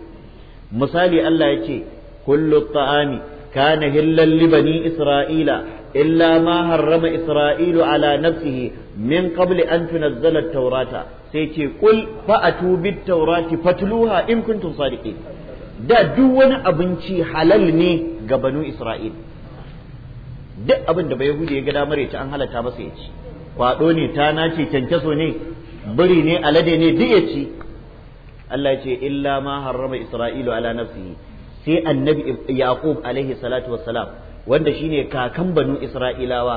misali Allah yace kullu ta'ami kana hillal li bani isra'ila illa ma harrama isra'ilu ala nafsihi min qabli an tunazzala at-taurata sai ce kul fa'atu bit-taurati fatluha in kuntum sadiqin da duk wani abinci halal ne ga banu isra'ila duk abin da bai ya ga damar ya ci an halatta masa ya ci kwado ne ta ce kyankyaso ne biri ne alade ne duk ya ci Allah ya ce illa ma harrama isra'ilu ala nafsihi sai annabi yaqub alaihi salatu wassalam wanda shine kakan banu isra'ilawa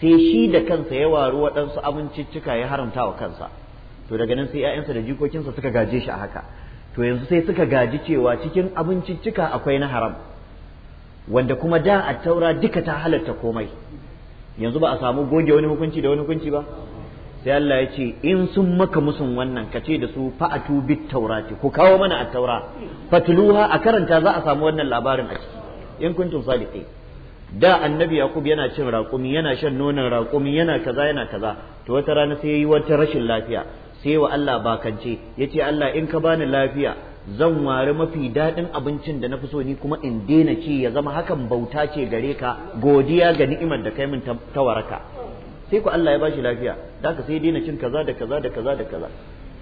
sai shi da kansa ya waru waɗansu abinciccika ya haramta wa kansa to daga nan sai 'ya'yansa da jikokinsa suka gaje shi a haka to yanzu sai suka gaji cewa cikin abinciccika akwai na haram wanda kuma da a taura duka ta halarta komai yanzu ba a samu goge wani hukunci da wani hukunci ba sai Allah ya ce in sun maka musun wannan ka ce da su fa'atu bit taurati ku kawo mana a taura fatluha a karanta za a samu wannan labarin a ciki in kuntum sadiqin da annabi yakub yana cin raƙumi yana shan nonon raƙumi yana kaza yana kaza to wata rana sai yayi wata rashin lafiya sai wa Allah bakance yace Allah in ka bani lafiya zan wari mafi daɗin abincin da na fi so ni kuma in daina ci ya zama hakan bauta ce gare ka godiya ga ni'imar da kai min ta waraka sai ku Allah ya bashi lafiya da ka sai daina cin kaza da kaza da kaza da kaza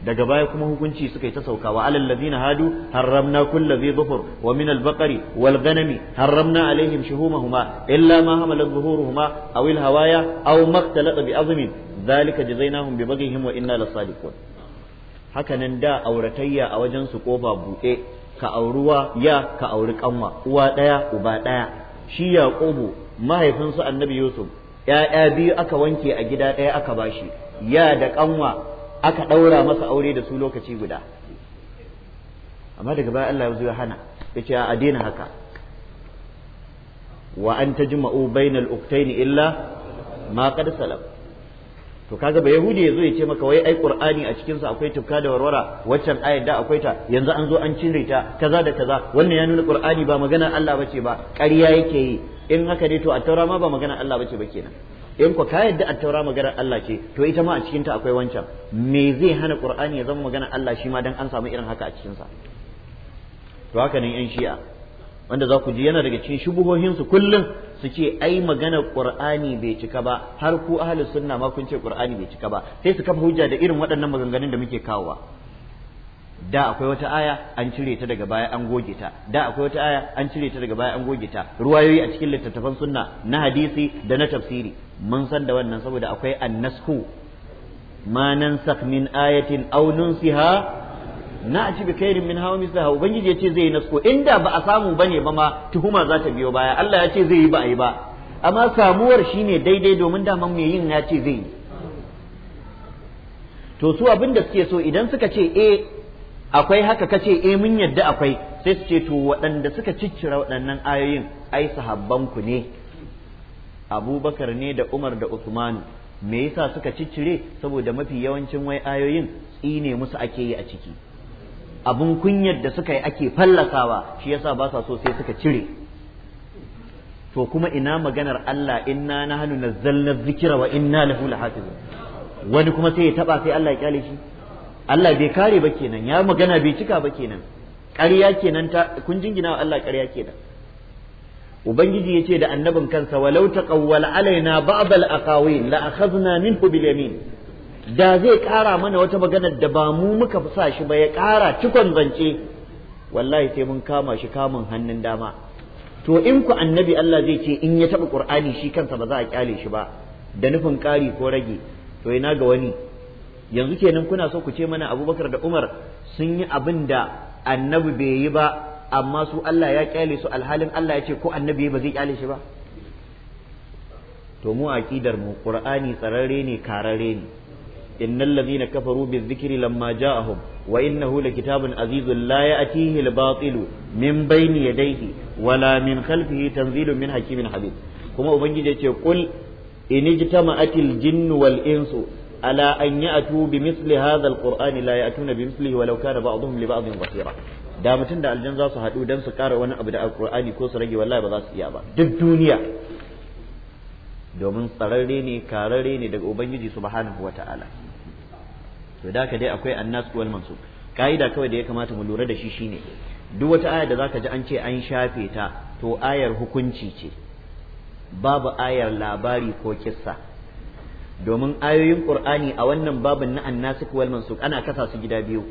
daga baya kuma hukunci suka yi ta sauka wa alal ladina hadu harramna kullu dhi dhuhur wa min al baqari wal ghanami harramna alaihim shuhumahuma illa ma hamalat dhuhuruhuma aw al hawaya aw maqtalat bi azmin dhalika jazainahum bi baghihim wa inna lasadiqun hakanan da auratayya a wajen su kofa buɗe ka auruwa ya ka auri kanwa uwa ɗaya uba ɗaya shi yaqubu mahaifinsu annabi yusuf ‘ya'ya biyu aka wanke a gida ɗaya aka bashi ya da ƙanwa aka ɗaura masa aure da su lokaci guda amma daga baya Allah ya zo ya hana ya ce a daina haka wa an ta jima'u bainal uktaini illa ma qad salam to kaga ba yahudi yazo ya ce maka wai ai qur'ani a cikin sa akwai tufka da warwara waccan ayat da akwai ta yanzu an zo an cire ta kaza da kaza wannan ya nuna qur'ani ba magana Allah bace ba ƙarya yake yi in haka ne to attaura ma ba magana Allah bace ba kenan in ku ka yadda attaura magana Allah ce to ita ma a cikin ta akwai wancan me zai hana qur'ani ya zama magana Allah shi ma dan an samu irin haka a cikin sa to haka nan yan shi'a wanda za ku ji yana daga cikin shubuhohinsu kullum su ce ai magana qur'ani bai cika ba har ku ahalin sunna ma kun ce qur'ani bai cika ba sai su kafa hujja da irin waɗannan maganganun da muke kawowa da akwai wata aya an cire ta daga baya an goge ta da akwai wata aya an cire ta daga baya an goge ta ruwayoyi a cikin littattafan sunna na hadisi da na tafsiri mun san da wannan saboda akwai annasku ma nansakh min ayatin aw nunsiha na a ci bi khairin min hawa mislaha ubangiji ya ce zai yi nasko inda ba a samu ba ne ba ma tuhuma za ta biyo baya Allah ya ce zai yi ba a yi ba amma samuwar shi ne daidai domin daman mai yin ya ce zai yi to su abin da suke so idan suka ce e, akwai haka ka ce e mun yadda akwai sai su ce to waɗanda suka ciccira waɗannan ayoyin ai sahabban ku ne abubakar ne da umar da usmanu me yasa suka ciccire saboda mafi yawancin wai ayoyin tsine musu ake yi a ciki abun kunyar da suka yi ake fallasawa shi yasa ba sa so sai suka cire to kuma ina maganar Allah inna nahnu nazzalna dhikra wa inna lahu lahafizun wani kuma sai ya taba sai Allah ya kyale shi Allah bai kare ba kenan ya magana bai cika ba kenan ƙarya kenan ta kun jingina wa Allah ƙarya kenan ubangiji yace da annabin kansa walau taqawwala alaina ba'dal al-aqawil la akhadna minhu bil yamin da zai ƙara mana wata maganar da ba mu muka fi sa shi ba ya ƙara cikon zance wallahi sai mun kama shi kamun hannun dama to in ku annabi Allah zai ce in ya taɓa ƙur'ani shi kansa ba za a ƙyale shi ba da nufin ƙari ko rage to ina ga wani yanzu kenan kuna so ku ce mana abubakar da umar sun yi abin da annabi bai yi ba amma su Allah ya ƙyale su alhalin Allah ya ce ko annabi ba zai ƙyale shi ba to mu aƙidar mu ƙur'ani tsararre ne kararre ne innal ladhina kafaru bizikri lamma ja'ahum wa innahu lakitabun azizun la ya'tihi al-batil min bayni yadayhi wala min khalfihi tanzilun min hakimin habib kuma ubangiji ya ce qul inijtama'atil jinnu wal insu ala an ya'tu bi misli hadha al-qur'ani bi mislihi walau kana ba'dhum li ba'dhin basira da mutum da aljan za su haɗu dan su ƙara wani abu da alƙur'ani ko su rage wallahi za su iya ba duk duniya domin tsararre ne kararre ne daga ubangiji subhanahu wata'ala to da ka dai akwai annas wal mansub kaida kawai da ya kamata mu lura da shi shine duk wata aya da zaka ji an ce an shafe ta to ayar hukunci ce babu ayar labari ko kissa domin ayoyin qur'ani a wannan babin na annas wal mansub ana kasa su gida biyu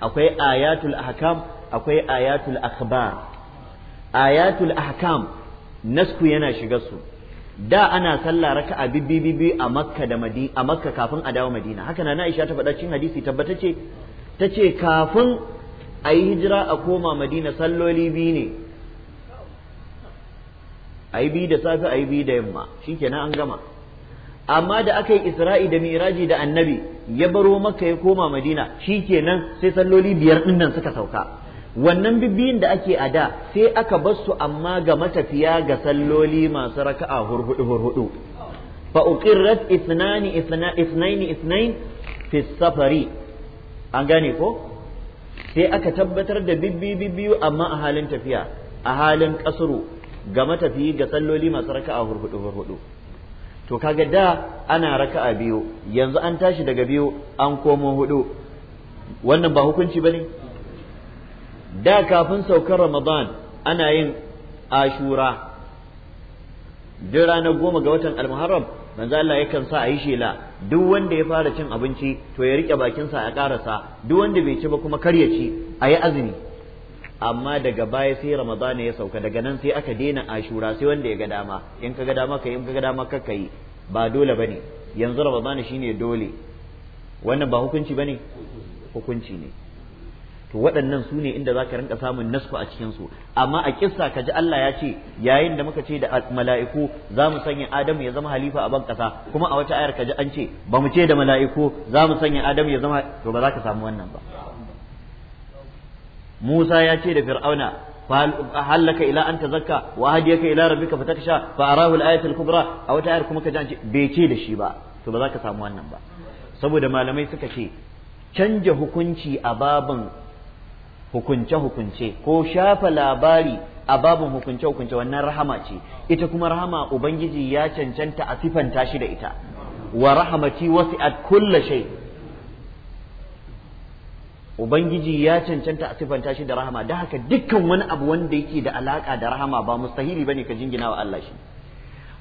akwai ayatul ahkam akwai ayatul akhbar ayatul ahkam nasku yana shiga su da ana sallah raka'a bibbi bibbi a makka da madi a makka kafin a dawo madina haka na aisha ta faɗa cikin hadisi tabbatace ta ce kafin a yi hijira a koma madina salloli biyu ne a yi biyu da safe a yi biyu da yamma shikenan an gama amma da aka yi isra'i da miraji da annabi ya baro makka ya koma madina shikenan sai salloli biyar ɗin nan suka sauka wannan bibiyin da ake a da sai aka bar su amma ga matafiya ga salloli masu raka'a hurhudu hurhudu fa uqirrat ithnani ithnaini ithnain fi safari an gane ko sai aka tabbatar da bibbi bibbiyu amma a halin tafiya a halin kasuru ga matafiyi ga salloli masu raka'a hurhudu hurhudu to kaga da ana raka'a biyu yanzu an tashi daga biyu an komo hudu wannan ba hukunci bane da kafin saukar ramadan ana yin ashura duk ranar goma ga watan almuharram manzo Allah yakan sa a yi shela duk wanda ya fara cin abinci to ya rike bakinsa a karasa duk wanda bai ci ba kuma kar ya ci a yi azumi amma daga baya sai ramadan ya sauka daga nan sai aka daina ashura sai wanda ya ga dama in ka ga dama ka yi in ka ga dama ka yi ba dole bane yanzu ramadan shine dole wannan ba hukunci bane hukunci ne to waɗannan su ne inda za ka rinka samun nasku a cikinsu amma a kissa ka ji Allah ya ce yayin da muka ce da mala'iku za mu sanya Adamu ya zama halifa a ban ƙasa kuma a wata ayar ka ji an ce ba mu ce da mala'iku za mu sanya Adamu ya zama to ba za ka samu wannan ba Musa ya ce da Fir'auna zakka لك الى ان تزكى وهديك الى ربك فتخشى فاراه al-kubra a wata ayar kuma ka ji bai ce da shi ba to ba za ka samu wannan ba saboda malamai suka ce canja hukunci a babin hukunce-hukunce ko shafa labari a babin hukunce-hukunce wannan rahama ce ita kuma rahama ubangiji ya cancanta a sifanta shi da ita wa rahamati a kulla shai. ubangiji ya cancanta a sifanta shi da rahama da haka dukkan wani abu wanda yake da alaka da rahama ba mustahili bane ka jingina wa Allah shi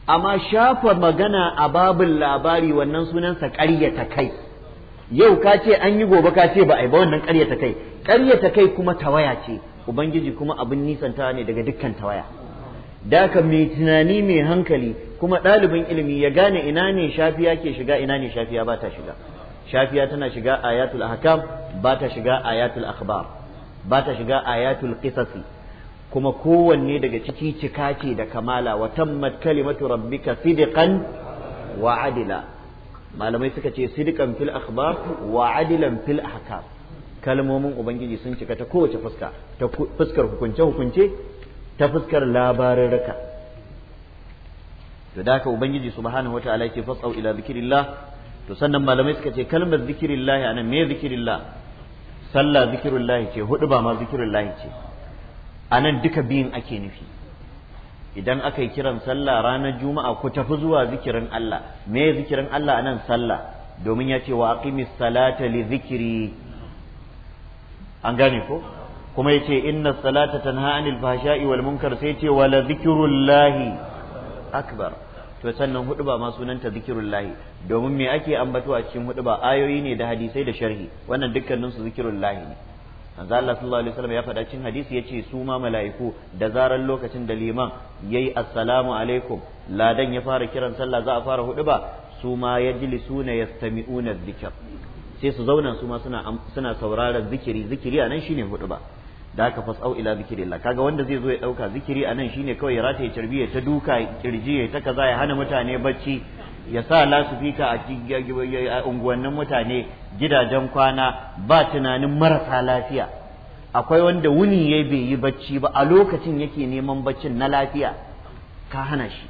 amma shafa magana a babin labari wannan sunansa ƙaryata kai yau ka ce an yi gobe ka ce ba a yi ba wannan ƙaryata kai ƙaryata kai kuma tawaya ce ubangiji kuma abin nisantawa ne daga dukkan tawaya daka mai tunani mai hankali kuma ɗalibin ilimi ya gane ina ne shafiya ke shiga ina ne shafiya ba ta shiga shafiya tana shiga ayatul ahkam ba ta shiga ayatul akhbar ba ta shiga ayatul qisasi kuma kowanne daga ciki cika ce da kamala wa tammat kalimatu rabbika sidqan wa adila malamai suka ce sidikan fil akhbar wa adilan fil ahkam kalmomin ubangiji sun cika ta kowace fuska ta fuskar hukunce hukunce ta fuskar labarurruka to da ubangiji subhanahu wataala yake fasau ila zikrillah to sannan malamai suka ce kalmar zikrillah anan me zikrillah sallah zikrillah ce hudu ba ma zikrillah ce anan duka biyin ake nufi idan aka yi kiran sallah ranar juma'a ku tafi zuwa zikirin Allah me zikirin Allah anan sallah domin ya ce wa aqimis salata li zikiri an gane ko kuma ya ce inna salata tanha anil fahsha'i wal munkar sai ce wala zikrullahi akbar to sannan huduba ma sunanta zikrullahi domin me ake ambato a cikin huɗuba? ayoyi ne da hadisai da sharhi wannan dukkanin su zikrullahi ne Allah sallallahu alaihi wasallam ya faɗa cikin hadisi yace su ma mala'iku da zaran lokacin da liman yayi assalamu alaikum ladan ya fara kiran sallah za a fara hudu ba su ma yajlisuna yastami'una dhikr sai su zauna su ma suna suna sauraron zikiri zikiri anan shine hudu ba da haka fasau ila zikirillah kaga wanda zai zo ya dauka zikiri anan shine kawai ya rataye carbi ya ta duka kirji ya ta kaza ya hana mutane bacci ya sa lasufika a unguwannin mutane gidajen kwana ba tunanin marasa lafiya akwai wanda wuni ya bai yi bacci ba a lokacin yake neman baccin na lafiya ka hana shi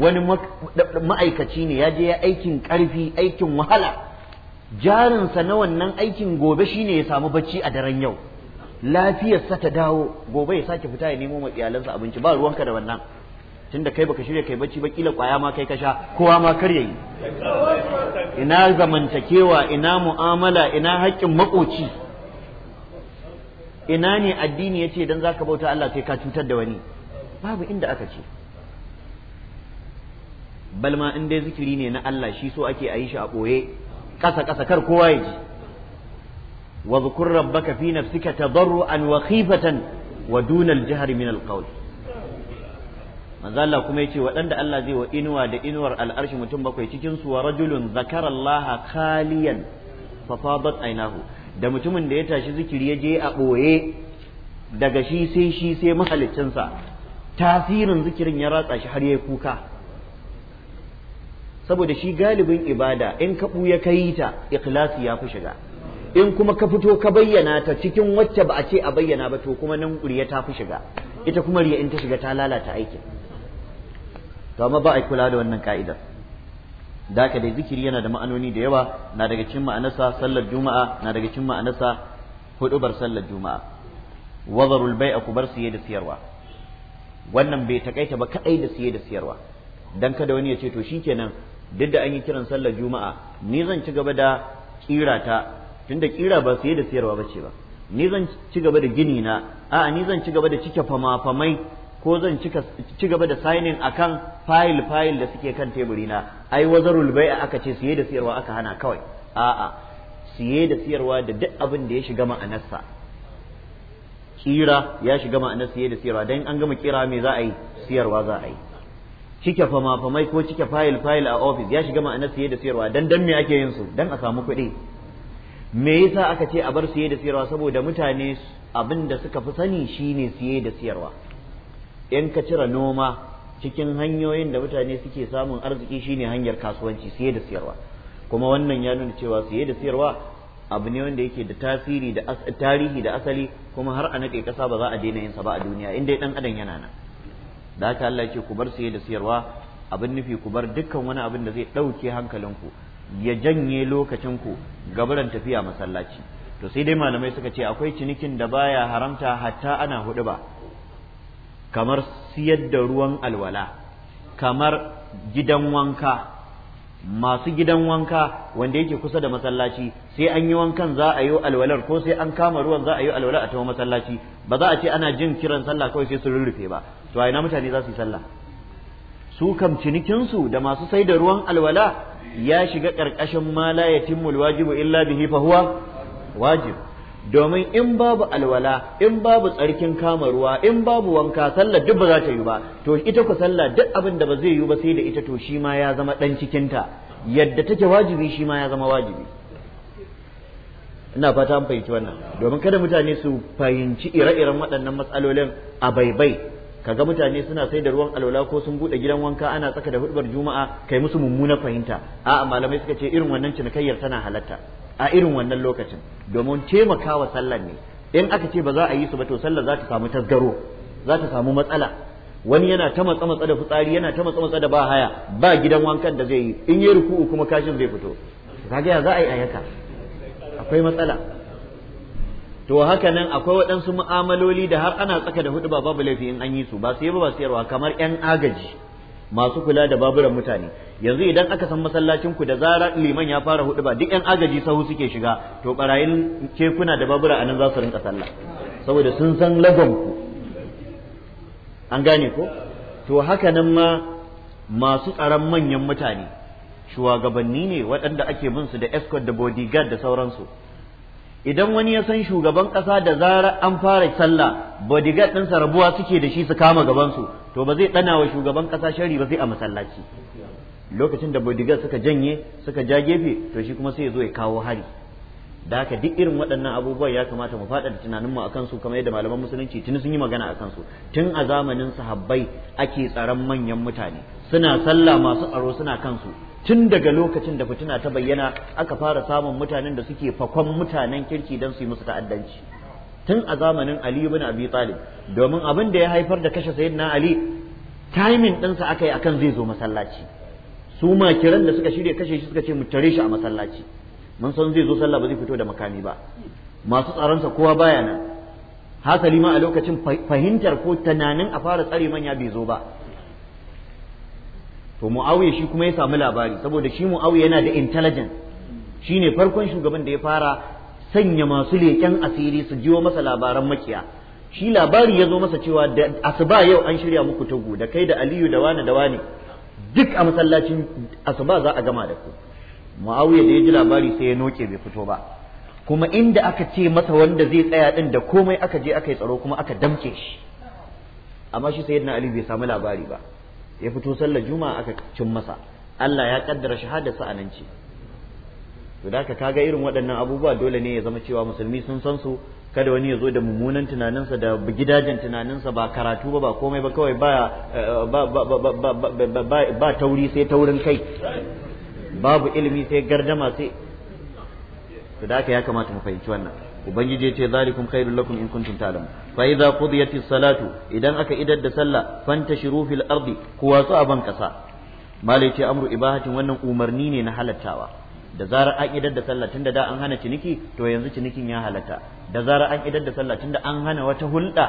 wani ma'aikaci ne ya je ya aikin karfi aikin wahala jarinsa na wannan aikin gobe ne ya samu bacci a daren yau lafiyarsa ta dawo gobe ya sake fita ya nemo ma iyalansa abinci ba ruwanka da wannan tunda kai baka shirya kai bacci ba kila kwaya ma kai ka kowa ma kar yayi ina zamantakewa ina mu'amala ina haƙƙin makoci ina ne addini ya ce don za ka bauta Allah sai ka cutar da wani babu inda aka ce balma in dai zikiri ne na Allah shi so ake a yi shi a ɓoye ƙasa ƙasa kar kowa ya ji wa zukur rabbaka fi nafsika an wa khifatan wa dunal jihar min alqawl manzo kuma yace waɗanda Allah zai wa inuwa da inuwar al'arshi mutum bakwai cikin su wa rajulun zakara Allah khaliyan fa fadat ainahu da mutumin da ya tashi zikiri ya je a ɓoye daga shi sai shi sai mahaliccinsa tasirin zikirin ya ratsa shi har ya kuka saboda shi galibin ibada in ka ɓuya ka ta ikhlasi ya fi shiga in kuma ka fito ka bayyana ta cikin wacce ba a ce a bayyana ba to kuma nan riya ta fi shiga ita kuma riya in ta shiga ta lalata aikin to amma ba a kula da wannan ka'idar da haka dai zikiri yana da ma'anoni da yawa na daga cikin ma'anarsa sallar juma'a na daga cikin ma'anarsa hudubar sallar juma'a wazarul bai'a ku bar siye da siyarwa wannan bai takaita ba kadai da siye da siyarwa dan kada wani ya ce to shikenan duk da an yi kiran sallar juma'a ni zan ci gaba da kira ta tunda kira ba siye da siyarwa bace ba ni zan ci gaba da gini na a'a ni zan ci gaba da cike fama famai ko zan ci gaba da signing akan fayil fayil da suke kan teburina, na ai wazarul bai'a aka ce siye da siyarwa aka hana kawai a'a siye da siyarwa da duk abin da ya shiga ma'anarsa kira ya shiga ma'anar siye da siyarwa dan an gama kira me za a yi siyarwa za a yi cike fama famai ko cike fayil fayil a office ya shiga ma'anar siye da siyarwa dan dan me ake yin su dan a samu kuɗi me yasa aka ce a bar siye da siyarwa saboda mutane abin da suka fi sani shine siye da siyarwa in ka cire noma cikin hanyoyin da mutane suke samun arziki shine hanyar kasuwanci siye da siyarwa kuma wannan ya nuna cewa siye da siyarwa abu ne wanda yake da tasiri da tarihi da asali kuma har a nake kasa ba za a daina yin sa ba a duniya in dai dan adam yana nan da haka Allah yake ku bar siye da siyarwa abin nufi ku bar dukkan wani abin da zai ɗauke hankalinku ya janye lokacinku gabaran tafiya masallaci to sai dai malamai suka ce akwai cinikin da baya haramta hatta ana hudu ba kamar siyar da ruwan alwala kamar gidan wanka masu gidan wanka wanda yake kusa da masallaci sai an yi wankan za a yi alwalar ko sai an kama ruwan za a yi alwalar a tawo masallaci ba za a ce ana jin kiran sallah kawai sai su rurrufe ba to a ina mutane za su yi sallah su kam cinikinsu da masu sai da ruwan alwala ya shiga ƙarƙashin ma la illa bihi fa huwa wajib domin in babu alwala in babu tsarkin kama ruwa in babu wanka sallar duk ba za ta yi ba to ita ku sallah duk abin da ba zai yi ba sai da ita to shi ma ya zama dan cikinta yadda take wajibi shi ma ya zama wajibi ina fata an fahimci wannan domin kada mutane su fahimci ire-iren waɗannan matsalolin a baibai kaga mutane suna sai da ruwan alwala ko sun bude gidan wanka ana tsaka da hudbar juma'a kai musu mummuna fahimta a'a malamai suka ce irin wannan cinikayyar tana halatta a irin wannan lokacin domin taimakawa sallar ne in aka ce ba za a yi su ba to sallar za ta samu tasgaro za ta samu matsala wani yana ta matsa matsa da fitsari yana ta matsa matsa da ba haya ba gidan wankan da zai yi in yi ruku'u kuma kashin zai fito kaga ya za a yi ayyuka akwai matsala to haka nan akwai waɗansu mu'amaloli da har ana tsaka da hudu ba babu laifi in an yi su ba su yi ba ba sayarwa kamar 'yan agaji masu kula da baburan mutane yanzu idan aka san masallacin ku da zarar liman ya fara hudu ba duk yan agaji sahu suke shiga to barayin kekuna da babura anan za su rinka sallah saboda sun san lagon ku an gane ko to haka nan ma masu tsaron manyan mutane shugabanni ne waɗanda ake bin su da escort da bodyguard da sauransu idan wani ya san shugaban ƙasa da zarar an fara sallah bodyguard ɗin rabuwa suke da shi su kama gabansu to ba zai ɗana wa shugaban ƙasa shari ba sai a masallaci lokacin da bodyguard suka janye suka ja gefe to shi kuma sai ya zo ya kawo hari da haka duk irin waɗannan abubuwa ya kamata mu faɗa tunaninmu a kansu kamar yadda malaman musulunci tun sun yi magana a kansu tun a zamanin sahabbai ake tsaron manyan mutane suna sallah masu tsaro suna kansu tun daga lokacin da fitina ta bayyana aka fara samun mutanen da suke fakon mutanen kirki don su yi musu ta'addanci tun a zamanin Ali ibn Abi Talib domin abin da ya haifar da kashe na Ali timing ɗinsa aka yi akan zai zo masallaci su makiran da suka shirya kashe shi suka ce mu tare shi a masallaci mun san zai zo sallah ba zai fito da makami ba masu tsaronsa kowa baya nan hasali ma a lokacin fahimtar ko tunanin a fara tsare manya bai zo ba to muawiya shi kuma ya samu labari saboda shi muawiya yana da intelligence ne farkon shugaban da ya fara sanya masu leken asiri su jiwo masa labaran makiya shi labari ya zo masa cewa da asuba yau an shirya muku tagu da kai da aliyu da wani da wani duk a masallacin asuba za a gama da ku muawiya da ya ji labari sai ya noke bai fito ba kuma inda aka ce masa wanda zai tsaya din da komai aka je aka yi tsaro kuma aka damke shi amma shi sayyidina ali bai samu labari ba ya fito sallar juma'a aka cin masa Allah ya kaddara shahadarsa a nan ce to da ka kaga irin waɗannan abubuwa dole ne ya zama cewa musulmi sun san su kada wani ya zo da mummunan tunaninsa da gidajen tunaninsa ba karatu ba ba komai ba kawai ba ba tauri sai taurin kai babu ilimi sai gardama sai to da ya kamata mu fahimci wannan ubangiji ya ce zalikum khairul lakum in kuntum ta'lamun fa idza qudiyati salatu idan aka idar da sallah fantashiru fil ardi ku wasu a ban kasa malai ce amru ibahatin wannan umarni ne na halattawa da zarar an idar da sallah tunda da an hana ciniki to yanzu cinikin ya halatta da zarar an idar da sallah tunda an hana wata hulɗa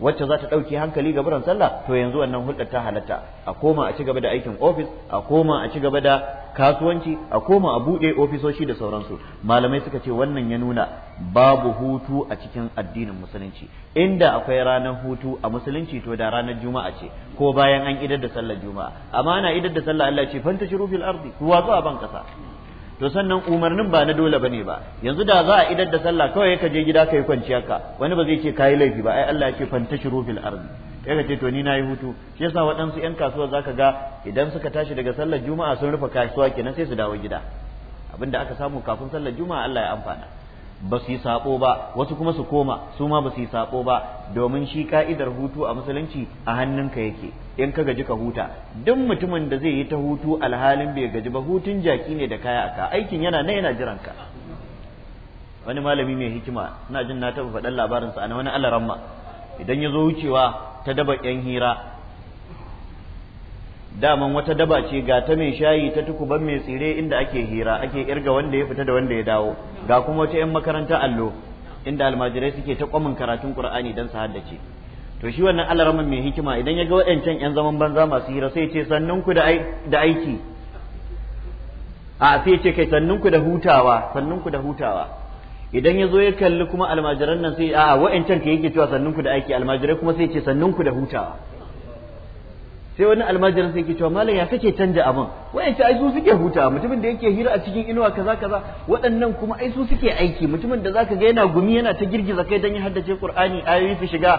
wacce za ta ɗauki hankali ga buran sallah to yanzu wannan hulɗa ta halatta a koma a ci gaba da aikin ofis a koma a ci gaba da kasuwanci a koma a buɗe ofisoshi da sauransu malamai suka ce wannan ya nuna babu hutu a cikin addinin musulunci inda akwai ranar hutu a musulunci to da ranar juma'a ce ko bayan an idar da sallar juma'a amma ana idar da sallar Allah ce fanta shiru fil ardi ku watsu ban kasa to sannan umarnin ba na dole bane ba yanzu da za a idar da sallah kawai ka je gida kai kwanciya ka wani ba zai ce kai laifi ba ai Allah ya ce fanta shiru fil ardi kai ka ce to ni nayi hutu shi yasa waɗansu yan kasuwa zaka ga idan suka tashi daga sallar juma'a sun rufe kasuwa kenan sai su dawo gida abinda aka samu kafin sallar juma'a Allah ya amfana ba su yi sabo ba wasu kuma su koma su ma ba su yi sabo ba domin shi ka'idar hutu a musulunci a hannunka yake in ka gaji ka huta duk mutumin da zai yi ta hutu alhalin bai gaji ba hutun jaki ne da kaya aka aikin yana na yana jiran ka wani malami mai hikima na jin na taɓa faɗan labarinsa a wani alaramma idan ya zo wucewa ta daba yan hira daman wata daba ce ga ta mai shayi ta tukuban mai tsire inda ake hira ake irga wanda ya fita da wanda ya dawo ga kuma wata 'yan makaranta allo inda almajirai suke ta kwamin karatun qur'ani dan su haddace to shi wannan alaraman mai hikima idan ya ga waɗancan 'yan zaman banza masu hira sai ce sannunku da aiki a sai ce kai sannunku da hutawa sannunku da hutawa idan ya zo ya kalli kuma almajiran nan sai a'a waɗancan ka yake cewa sannunku da aiki almajirai kuma sai ce sannunku da hutawa sai wani almajirin sai ke cewa malam ya kake canja abin wayance ai su suke huta mutumin da yake hira a cikin inuwa kaza kaza waɗannan kuma ai su suke aiki mutumin da zaka ga yana gumi yana ta girgiza kai dan ya haddace qur'ani ayoyi su shiga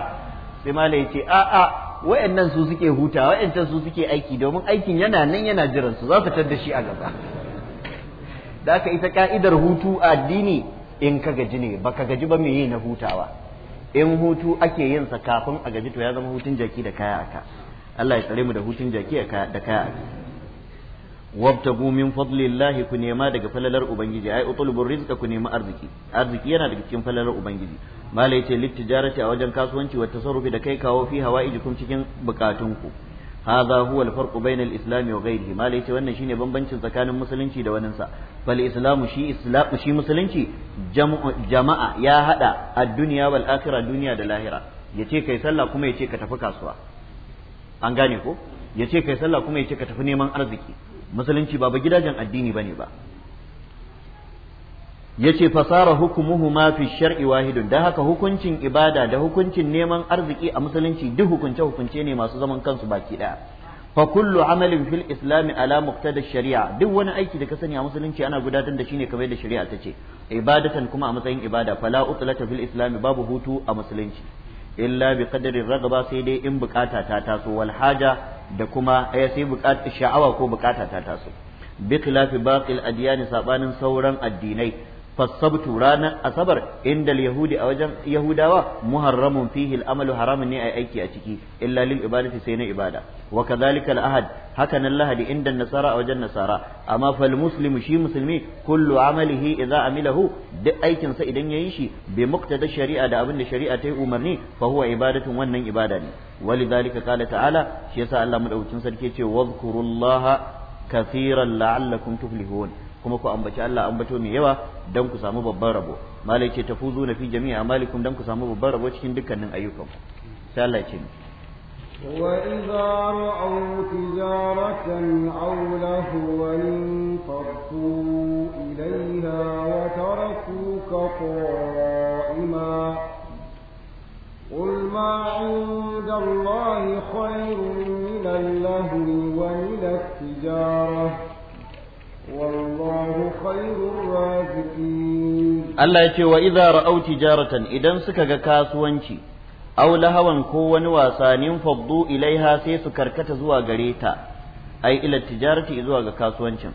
sai malam ya ce a a waɗannan su suke huta waɗannan su suke aiki domin aikin yana nan yana jiran su za su canza shi a gaba da aka ita ka'idar hutu a addini in ka gaji ne ba ka gaji ba me na hutawa in hutu ake yin sa kafin a gaji to ya zama hutun jaki da kaya aka Allah ya tsare mu da hutun jaki da kaya wabtagu min fadlillahi ku nema daga falalar ubangiji ai utlubur rizqa ku nema arziki arziki yana daga cikin falalar ubangiji mala yace littijarati a wajen kasuwanci wa tasarrufi da kai kawo fi hawaijikum cikin bukatunku hadha huwa alfarqu bayna alislam wa ghayrihi mala yace wannan shine bambancin tsakanin musulunci da waninsa Bal islamu shi islamu shi musulunci jama'a ya hada ad-dunya wal akhirah duniya da lahira yace kai sallah kuma yace ka tafi kasuwa an gane ko ya ce kai sallah kuma ya ce ka tafi neman arziki musulunci ba ba gidajen addini bane ba yace fasara hukumuhu ma fi shar'i wahidun dan haka hukuncin ibada da hukuncin neman arziki a musulunci duk hukunce hukunce ne masu zaman kansu baki daya fa kullu amalin fil islam ala muqtada shari'a duk wani aiki da ka sani a musulunci ana gudanar da shi ne kamar da shari'a ta ce ibadatan kuma a matsayin ibada fala utlata fil islam babu hutu a musulunci illa bi qadari ragaba sai dai in bukata ta taso wal haja da kuma ya eh, sai bukata sha'awa ko bukata ta taso bi khilafi baqil adyani sabanin sauran addinai fassabtu ranar asabar inda yahudi a wajen yahudawa muharramun fihi amalu haramun ne a aiki a ciki illa lil ibadati sai na ibada wa kadhalika al-ahad haka nan lahadi inda nasara a wajen nasara amma fal muslimu shi musulmi kullu amalihi idza amilahu duk aikin sa idan yayi shi bi muqtada shari'a da abin da shari'a ta yi umarni fa huwa ibadatun wannan ibada ne walidhalika qala ta'ala shi yasa Allah madaukakin sarki ce wadhkurullaha kathiran la'allakum tuflihun kuma ku ambaci Allah ambato mai yawa dan ku samu babban rabo malai ce tafuzu na fi jami'a amalikum dan ku samu babban rabo cikin dukkanin ayyukan sai Allah ce وإذا رأوا تجارة أو لهوا انفضوا إليها وتركوك قائما قل ما عند الله خير من اللهو ومن التجارة Allah ya ce wa iza ra'au tijaratan idan suka ga kasuwanci aw lahawan ko wani wasa nin faddu ilaiha sai su karkata zuwa gareta ta ai ila tijarati zuwa ga kasuwancin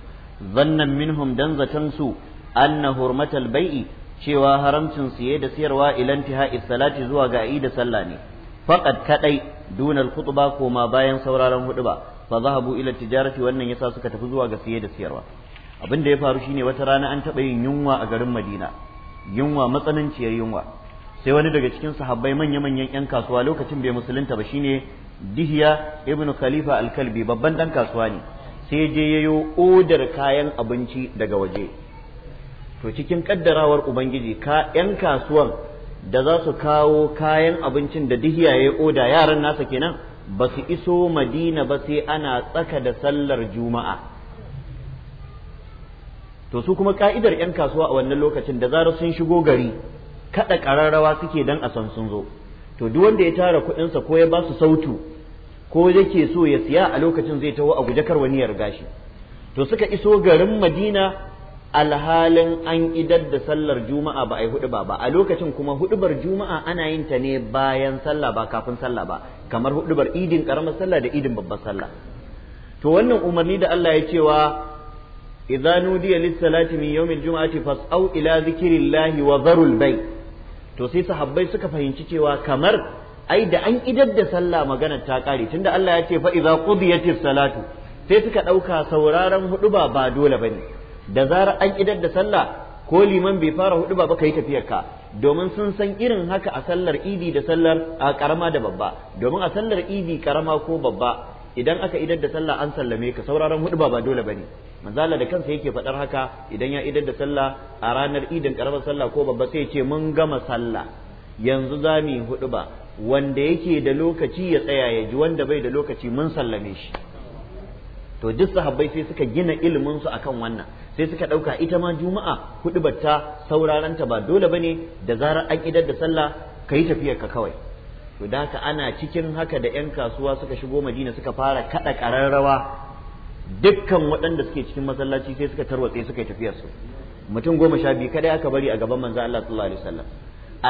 zannan minhum dan zatan su anna hurmatal bai'i cewa haramcin siye da siyarwa ilan tihai salati zuwa ga da sallah ne faqad kadai dunal khutba ko ma bayan sauraron hudu ba fa zahabu ila tijarati wannan yasa suka tafi zuwa ga siye da siyarwa abin da ya faru shine wata rana an taɓa yin yunwa a garin madina yunwa matsananciyar yunwa sai wani daga cikin sahabbai manya-manyan 'yan kasuwa lokacin bai musulunta ba shine dihiya ibnu khalifa Al-Kalbi, babban dan kasuwa ne sai je yayo odar kayan abinci daga waje to cikin kaddarawar ubangiji ka 'yan kasuwan da za su kawo kayan abincin da dihiya ya oda yaran nasa kenan ba su iso madina ba sai ana tsaka da sallar juma'a to su kuma ka'idar 'yan kasuwa a wannan lokacin da zarar sun shigo gari kada ƙararrawa suke dan a san sun zo to duk wanda ya tara kuɗinsa ko ya ba su sautu ko yake so ya siya a lokacin zai taho a guje kar wani ya riga shi to suka iso garin madina alhalin an idar da sallar juma'a ba a yi huɗuba ba a lokacin kuma huɗubar juma'a ana yin ta ne bayan sallah ba kafin sallah ba kamar huɗubar idin karamar sallah da idin babbar sallah to wannan umarni da Allah ya cewa idza nudiya lis-salati min yawmil jum'ati fas'au ila zikrillahi wa zarul to sai sahabbai suka fahimci cewa kamar ai da an idar da sallah maganar ta kare tunda Allah ya ce fa idza qudiyatis salatu sai suka dauka sauraron huduba ba dole bane da zarar an idar da sallah ko liman bai fara hudu ba kai tafiyar ka domin sun san irin haka a sallar idi da sallar a karama da babba domin a sallar idi karama ko babba idan aka idar da sallah an sallame ka sauraron hudu ba dole bane manzala da kansa yake faɗar haka idan ya idar da sallah a ranar idin karamar sallah ko babba sai ce mun gama sallah yanzu za mu yi hudu ba wanda yake da lokaci ya tsaya ya ji wanda bai da lokaci mun sallame shi to duk sahabbai sai suka gina ilimin su akan wannan sai suka ɗauka ita ma juma'a hudubarta ta sauraron ta ba dole bane da zarar an idar da sallah ka yi tafiyar ka kawai to da ka ana cikin haka da 'yan kasuwa suka shigo madina suka fara kada kararrawa dukkan waɗanda suke cikin masallaci sai suka tarwatse suka yi tafiyar su mutum goma sha biyu kadai aka bari a gaban manzo Allah sallallahu alaihi wasallam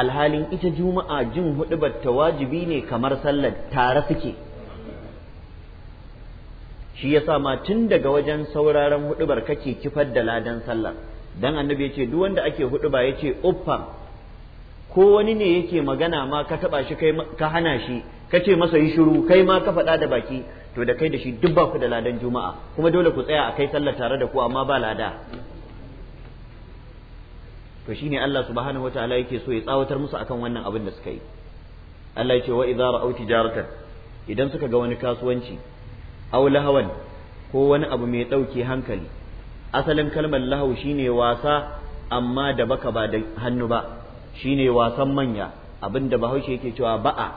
alhalin ita juma'a jin huɗubar ta wajibi ne kamar sallar tare suke shi yasa ma tun daga wajen sauraron hudubar kake kifar da ladan sallar dan annabi ya ce duk wanda ake huɗuba ya ce uffam ko wani ne yake magana ma ka taba shi kai ka hana shi ka ce masa yi shiru kai ma ka faɗa da baki to da kai da shi duk ba ku da ladan juma'a kuma dole ku tsaya a kai sallar tare da ku amma ba lada to shine Allah subhanahu wataala yake so ya tsawatar musu akan wannan abin da suka yi Allah ya ce wa idza ra'aw tijaratan idan suka ga wani kasuwanci aw lahawan ko wani abu mai ɗauke hankali asalin kalmar lahau shine wasa amma da baka ba da hannu ba shine wasan manya abinda bahaushe yake cewa ba'a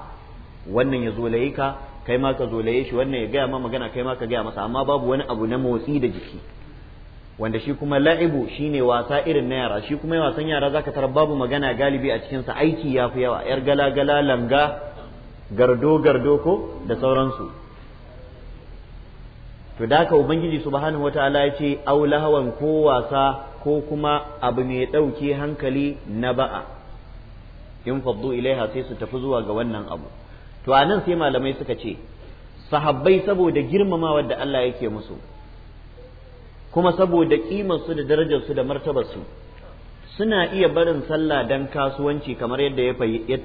wannan ya zolaye ka kai ma ka zolaye shi wannan ya gaya ma magana kai ma ka gaya masa amma babu wani abu na motsi da jiki wanda shi kuma la'ibu shine wasa irin na yara shi kuma wasan yara zaka tarar babu magana galibi a cikin sa aiki fi yawa yar gala gala langa gardo gardo ko da sauransu to da haka ubangiji subhanahu wataala ya ce aulahawan ko wasa ko kuma abu mai ɗauke hankali na ba'a in faddu ilaiha sai su tafi zuwa ga wannan abu to anan sai malamai suka ce sahabbai saboda girmamawa da Allah yake musu kuma saboda kimar su da darajar su da martabar su suna iya barin sallah dan kasuwanci kamar yadda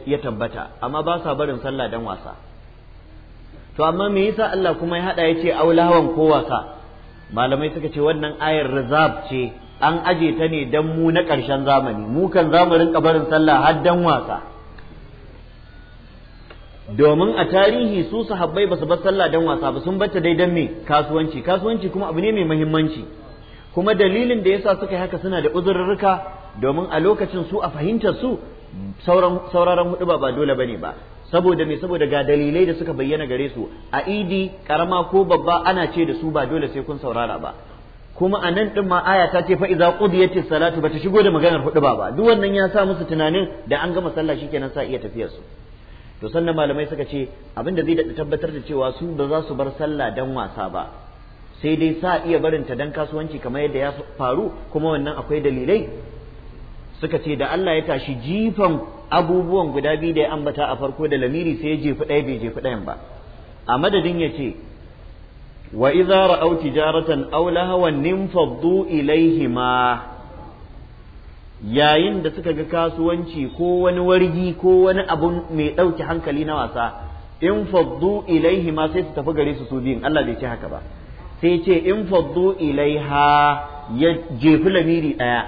ya tabbata amma ba sa barin sallah dan wasa to amma me yasa Allah kuma ya hada ya ce aulawan ko wasa malamai suka ce wannan ayar rizab ce an aje ta ne dan mu na ƙarshen zamani mu kan zamanin kabarin sallah har dan wasa domin a tarihi su sahabbai ba su bar sallah dan wasa ba sun bata dai dan me kasuwanci kasuwanci kuma abu ne mai muhimmanci kuma dalilin da yasa suka yi haka suna da uzurrurruka domin a lokacin su a fahimtar su sauraron hudu ba dole bane ba saboda me saboda ga dalilai da suka bayyana gare su a idi karama ko babba ana ce da su ba dole sai kun saurara ba kuma a nan ɗin ma aya ta ce fa iza ce salatu ba ta shigo da maganar huduba ba duk wannan ya sa musu tunanin da an gama sallah shikenan sa iya tafiyar su to sannan malamai suka ce abinda zai da tabbatar da cewa su ba za su bar sallah dan wasa ba sai dai sa iya barin ta dan kasuwanci kamar yadda ya faru kuma wannan akwai dalilai suka ce da Allah ya tashi jifan abubuwan guda biyu da ya ambata a farko da lamiri sai ya jefi ɗaya bai jefi ɗayan ba a madadin ya ce wa idza ra'aw tijaratan aw lahawan ilaihima yayin da suka ga kasuwanci ko wani wargi ko wani abun mai ɗauke hankali na wasa in faddu ilaihima sai su tafi gare su su biyun Allah bai ce haka ba sai ce in faddu ilaiha ya jefi lamiri ɗaya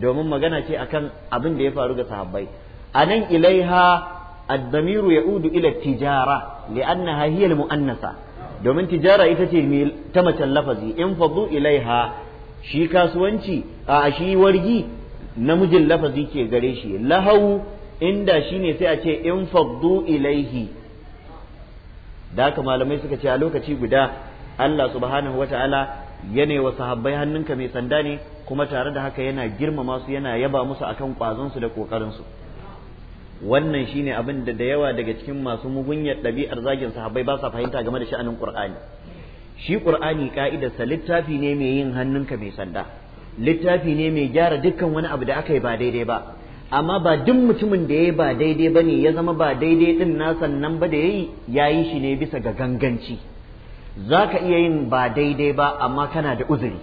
domin magana ce akan abin da ya faru ga sahabbai a nan ilaiha الضمير يعود إلى التجارة لأنها هي المؤنثة domin tijara ita ce ta macen lafazi in fadu ilaiha shi kasuwanci a shi wargi namijin lafazi ke gare shi lahau inda shi ne sai a ce in fadu ilaihi da haka malamai suka ce a lokaci guda Allah subhanahu wata'ala yana wa sahabbai hannunka mai sanda ne kuma tare da haka yana girmama su yana yaba musu akan kwazon su da kokarin su wannan shine abin da da yawa daga cikin masu mugunyar ɗabi'ar zagin sahabbai ba sa fahimta game da sha'anin qur'ani shi qur'ani ka'idarsa littafi ne mai yin hannunka mai sanda littafi ne mai gyara dukkan wani abu da aka yi ba daidai ba amma ba duk mutumin da ya ba daidai ba ne ya zama ba daidai din na sannan ba da ya yi ya yi shi ne bisa ga ganganci za ka iya yin ba daidai ba amma kana da uzuri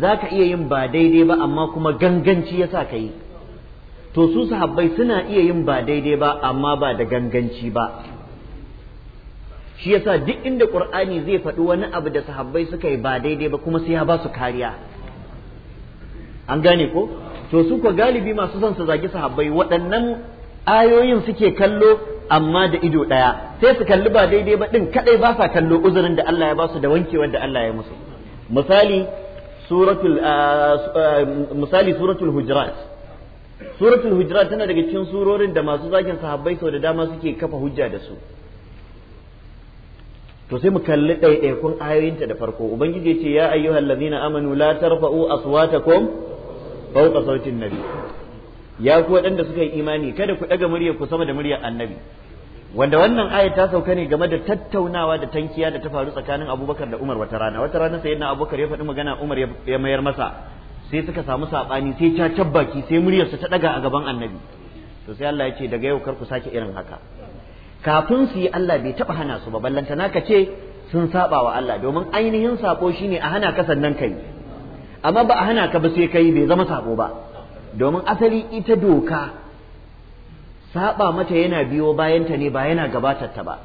za ka iya yin ba daidai ba amma kuma ganganci ya sa ka yi to su sahabbai suna iya yin ba daidai ba amma ba da ganganci ba shi yasa duk inda qur'ani zai faɗi wani abu da sahabbai suka yi ba daidai ba kuma sai ya ba su kariya an gane ko to su ko galibi masu son su zagi sahabbai waɗannan ayoyin suke kallo amma da ido ɗaya sai su kalli ba daidai ba ɗin kaɗai ba sa kallo uzurin da Allah ya ba su da wankewar da Allah ya musu misali suratul ah, ah, misali suratul hujurat suratul hujurat tana daga cikin surorin da masu zakin sahabbai sau da dama suke kafa hujja da su to sai mu kalli ɗaiɗaikun ayoyinta da farko ubangiji ya ce ya ayyuhal ladzina amanu la tarfa'u aswatakum fawqa sautin nabi ya ku waɗanda suka yi imani kada ku ɗaga murya ku sama da muryar annabi wanda wannan aya ta sauka ne game da tattaunawa da tankiya da ta faru tsakanin abubakar da umar wata rana wata rana sai abubakar ya faɗi magana umar ya mayar masa sai suka samu saɓani sai ta tabbaki sai muryarsa ta ɗaga a gaban annabi to sai Allah ya ce daga yau kar ku sake irin haka kafin su yi Allah bai taɓa hana su ba ballanta na ka ce sun saɓa wa Allah domin ainihin saɓo shine a hana ka sannan kai amma ba a hana ka ba sai kai bai zama saɓo ba domin asali ita doka saɓa mata yana biyo bayanta ne ba yana gabatar ta ba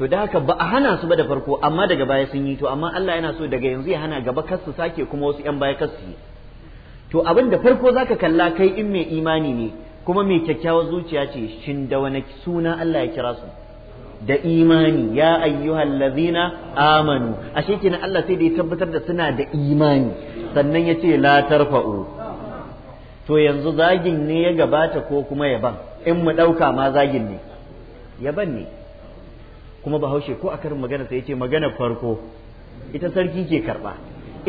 to da haka ba a hana su ba da farko amma daga baya sun yi to amma Allah yana so daga yanzu ya hana gaba kar su sake kuma wasu yan baya kar su yi to abin da farko zaka kalla kai in mai imani ne kuma mai kyakkyawar zuciya ce shin da wani suna Allah ya kira su da imani ya ayyuhal ladzina amanu ashe kenan Allah sai da ya tabbatar da suna da imani sannan ya ce la tarfa'u to yanzu zagin ne ya gabata ko kuma yaban in mu ɗauka ma zagin ne yaban ne kuma bahaushe ko a karin magana sai ce magana farko ita sarki ke karba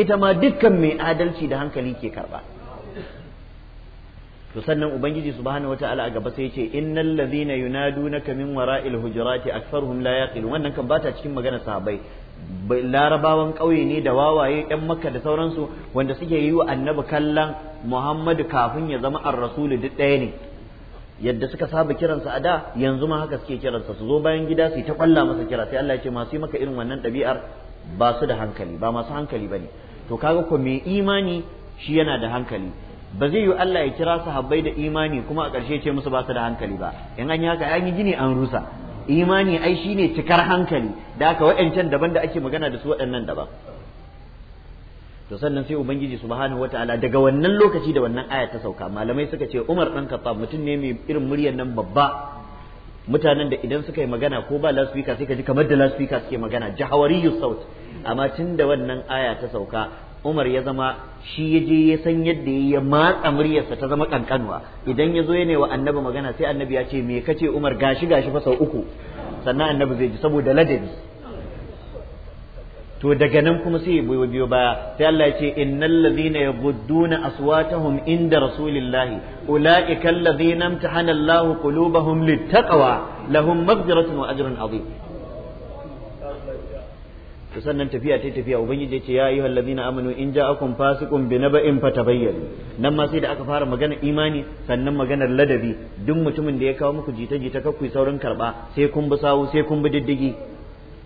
ita ma dukkan mai adalci da hankali ke karba to sannan ubangiji subhanahu wataala a gaba sai ce innal ladhina yunadunaka min wara'il hujurati aktharuhum la yaqilun wannan kan bata cikin magana sahabbai larabawan ƙauye ne da wawaye yan makka da sauransu wanda suke yi wa annabi kallon muhammadu kafin ya zama ar-rasulu duk ɗaya ne yadda suka saba kiransa a da yanzu ma haka suke kiransa su zo bayan gida su ta kwalla masa kira sai Allah ya ce masu yi maka irin wannan ɗabi'ar ba su da hankali ba masu hankali ne to kaga ko mai imani shi yana da hankali ba zai yi Allah ya kira su habbai da imani kuma a ƙarshe ce musu ba su da hankali ba in an yi haka an yi gini an rusa imani ai shine cikar hankali da haka waɗancan daban da ake magana da su waɗannan daban to sannan sai ubangiji subhanahu wataala daga wannan lokaci da wannan aya ta sauka malamai suka ce Umar dan Khattab mutum ne mai irin muryar nan babba mutanen da idan suka yi magana ko ba loudspeaker sai ka ji kamar da loudspeaker suke magana jahawariyu saut amma tun da wannan aya ta sauka Umar ya zama shi ya je ya san yadda ya matsa muryarsa ta zama kankanwa idan ya zo yana wa annabi magana sai annabi ya ce me kace Umar gashi gashi fa sau uku sannan annabi zai ji saboda ladabi to daga nan kuma sai ya biyo baya sai Allah ya ce innal ladhina yaghudduna aswatahum inda rasulillahi ulaika alladhina imtahana Allah qulubahum littaqwa lahum maghfiratun wa ajrun azim to sannan tafiya ta tafiya ubangiji ya ce ya ayyuhal ladina amanu in ja'akum fasiqun bi ta fatabayyanu nan ma sai da aka fara magana imani sannan maganar ladabi duk mutumin da ya kawo muku jita jita kuyi saurin karba sai kun bi sawu sai kun bi diddigi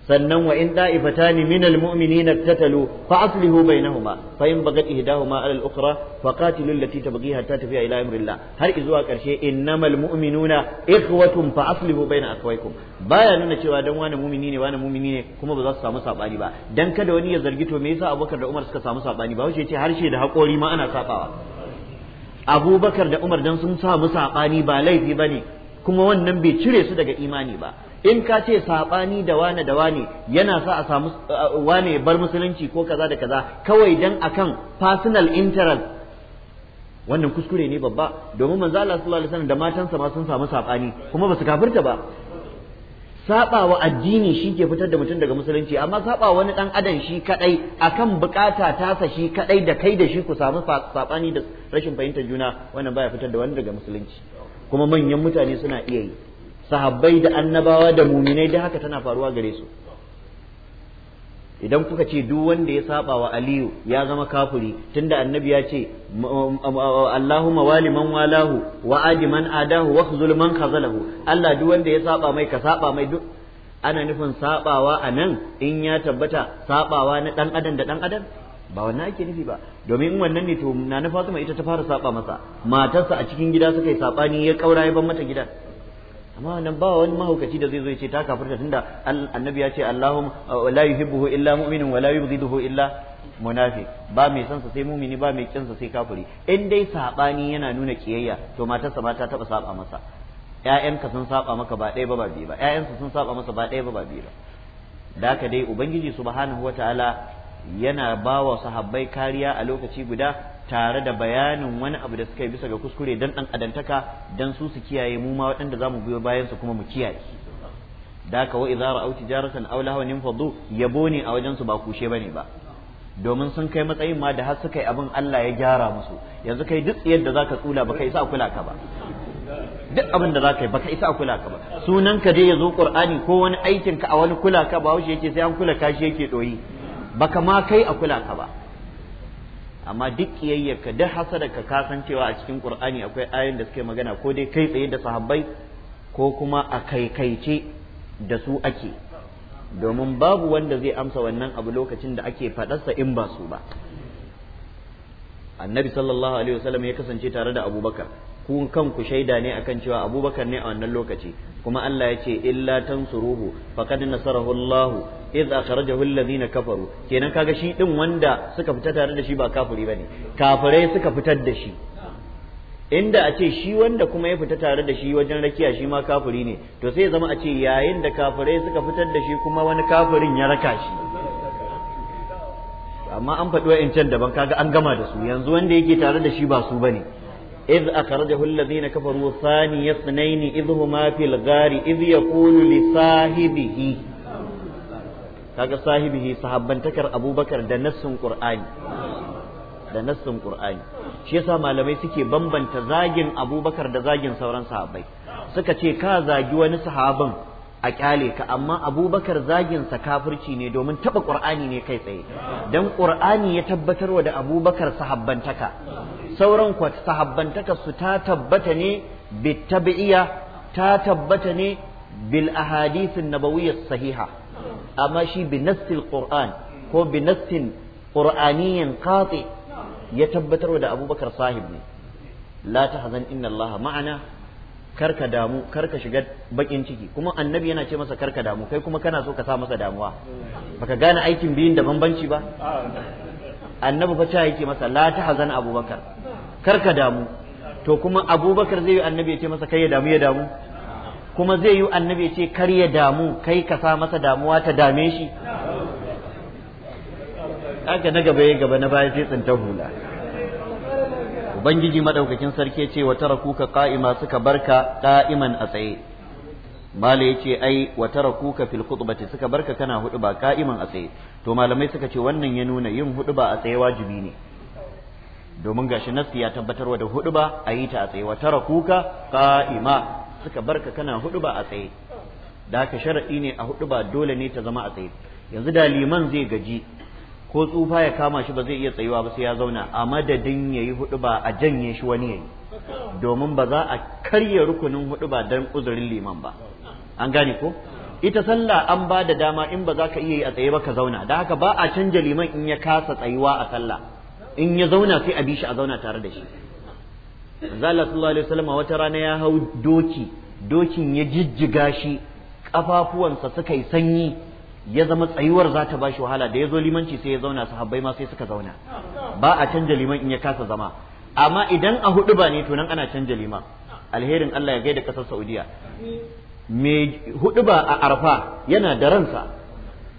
sannan wa in da'ifatani min almu'minina tatalu fa aslihu bainahuma fa in bagat ihdahuma ala al-ukhra fa qatilu allati tabghi hatta tafiya ila amrillah har izuwa karshe innamal mu'minuna ikhwatun fa aslihu baina akhawaykum baya nuna cewa dan wani mu'mini ne wani mu'mini ne kuma ba za su samu sabani ba dan kada wani ya zargi to me yasa Abubakar da Umar suka samu sabani ba wace ce harshe da hakori ma ana sabawa Abubakar da Umar dan sun samu sabani ba laifi bane kuma wannan bai cire su daga imani ba in ka ce saɓani da wane da wane yana sa a samu uh, wane ya bar musulunci ko kaza da kaza kawai dan akan personal interest wannan kuskure ne babba domin manzo Allah sallallahu alaihi wasallam da matansa ma sun samu saɓani kuma ba su kafirta ba saba addini shi ke fitar da mutum daga musulunci amma saba wani dan adam shi kadai akan bukata tasa shi kadai da kai da shi ku samu sabani da rashin fahimtar juna wannan baya fitar da wani daga musulunci kuma manyan mutane suna iya yi sahabbai da annabawa da muminai da haka tana faruwa gare su idan kuka ce duk wanda ya saba wa aliyu ya zama kafuri tunda annabi ya ce Allahumma waliman walahu wa adiman adahu wa zulman khazalahu Allah duk wanda ya saba mai ka saba mai duk ana nufin sabawa a nan in ya tabbata sabawa na dan adam da dan adam ba wannan ake nufi ba domin in wannan ne to na Fatima ita ta fara saba masa matarsa a cikin gida suka yi sabani ya kaura ya ban mata gidan amma nan ba wani mahaukaci da zai zo ya ce ta kafirta tunda annabi ya ce Allahum uh, la yuhibbuhu illa mu'minun wa la yubghiduhu illa munafi ba mai son sa sai mumini ba mai kin sa sai kafiri in dai sabani yana nuna kiyayya to matarsa ma ta taba saba masa ƴaƴanka sun saba maka ba ɗaya ba ba biyu ba ƴaƴansa sun saba masa ba ɗaya ba ba biyu ba da haka dai ubangiji subhanahu wataala yana bawa sahabbai kariya a lokaci guda tare da bayanin wani abu da suka yi bisa ga kuskure dan dan adantaka dan su su kiyaye mu ma waɗanda zamu biyo bayan su kuma mu kiyaye da ka wa idza ra'aw tijaratan aw lahwan infadu yabo a wajen su ba kushe bane ba domin sun kai matsayin ma da har suka yi abin Allah ya gyara musu yanzu kai duk yadda zaka tsula baka isa a kula ka ba duk abin da zaka yi baka isa a kula ka ba sunan ka dai yazo qur'ani ko wani aikin ka a wani kula ka ba wuce yake sai an kula kashi yake doyi baka ma kai a kula ka ba amma duk kiyayyarka duk hasadarka ka kasancewa a cikin qur'ani akwai ayoyin da suke magana ko dai kai tsaye da sahabbai ko kuma a kaikaice da su ake domin babu wanda zai amsa wannan abu lokacin da ake faɗarsa in ba su ba annabi sallallahu alaihi wasallam ya kasance tare da abubakar ku kanku shaida ne akan cewa abubakar ne a wannan lokaci kuma Allah ya ce illa tansuruhu faqad nasarahu Allah idh akhrajahu alladhina kafaru kenan kaga shi din wanda suka fita tare da shi ba kafiri bane kafirai suka fitar da shi inda a ce shi wanda kuma ya fita tare da shi wajen rakiya shi ma kafiri ne to sai ya zama a ce yayin da kafirai suka fitar da shi kuma wani kafirin ya raka shi amma an faɗi wa'incan daban kaga an gama da su yanzu wanda yake tare da shi ba su bane إذ أخرجه الذين كفروا ثاني اثنين إذ هما في الغار إذ يقول لصاحبه kaga sahibihi sahabbantakar abubakar da nassin qur'ani da nassin qur'ani shi yasa malamai suke bambanta zagin abubakar da zagin sauran sahabai? suka ce ka zagi wani sahabin a kyale ka amma abubakar zaginsa kafirci ne domin taɓa ƙur'ani ne kai tsaye don ƙur'ani ya tabbatarwa da abubakar sahabbantaka sauran kwa sahabbantaka su ta tabbata ne bittabi'iya ta tabbata ne bil ahadithin nabawiyyar sahiha amma shi bi nassil qur'an ko bi nassin qur'aniyyin ya tabbatarwa da abubakar sahib ne la hazan inna allaha ma'ana karka damu karka shiga bakin ciki kuma annabi yana ce masa karka damu kai kuma kana so ka sa masa damuwa baka gane aikin biyun da bambanci ba annabi fa ta yake masa la ta hazan abubakar karka damu to kuma abubakar zai yi annabi ya ce masa kai ya damu ya damu kuma zai yi annabi ya ce kar ya damu kai ka sa masa damuwa ta dame shi haka na gaba ya gaba na baya sai tsinta hula ubangiji madaukakin sarki ce wa kuka qa'ima suka barka qa'iman a tsaye mala yace ai wa kuka fil khutbati suka barka kana huduba qa'iman a tsaye to malamai suka ce wannan ya nuna yin huduba a tsaye wajibi ne domin gashi nassi ya wa da huduba a yi ta a tsaye wa kuka qa'ima suka barka kana huduba a tsaye da haka sharadi ne a huduba dole ne ta zama a tsaye yanzu da liman zai gaji ko tsufa ya kama shi ba zai iya tsayuwa ba sai ya zauna a madadin ya yi hudu ba a janye shi wani ya yi domin ba za a karya rukunin hudu ba don uzurin liman ba an gane ko ita sallah an ba da dama in ba za ka iya yi a tsaye ba ka zauna da haka ba a canja liman in ya kasa tsayuwa a sallah in ya zauna sai a bi shi a zauna tare da shi manzo sallallahu alaihi wasallam wata rana ya hau doki dokin ya jijjiga shi kafafuwansa suka yi sanyi ya zama tsayuwar za ta shi wahala da ya zo limanci sai ya zauna su sahabbai ma sai suka zauna ba a canja liman in ya kasa zama amma idan a hudu ba ne to nan ana canja liman alherin Allah ya gaida kasar Saudiya me hudu ba a arfa yana da ransa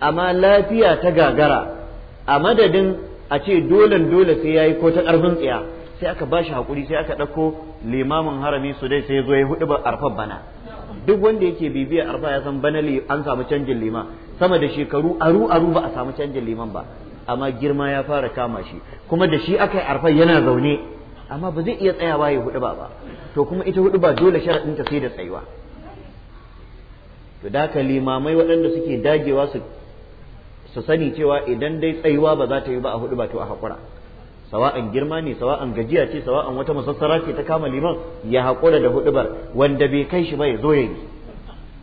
amma lafiya ta gagara a madadin a ce dolen dole sai yayi ko ta karfin tsiya sai aka bashi hakuri sai aka ɗauko limamin harami su dai sai ya zo ya hudu ba arfa bana duk wanda yake bibiya arfa ya san bana an samu canjin lima sama da shekaru aru aru ba a samu canjin liman ba amma girma ya fara kama shi kuma da shi aka yi arfan yana zaune amma ba zai iya tsayawa ya hudu ba ba to kuma ita hudu ba dole sharaɗin ta sai da tsayuwa to da limamai waɗanda suke dagewa su su sani cewa idan dai tsayuwa ba za ta yi ba a hudu ba to a haƙura sawa'an girma ne sawa'an gajiya ce sawa'an wata masassara ce ta kama liman ya haƙura da hudubar wanda bai kai shi ba ya zo ya yi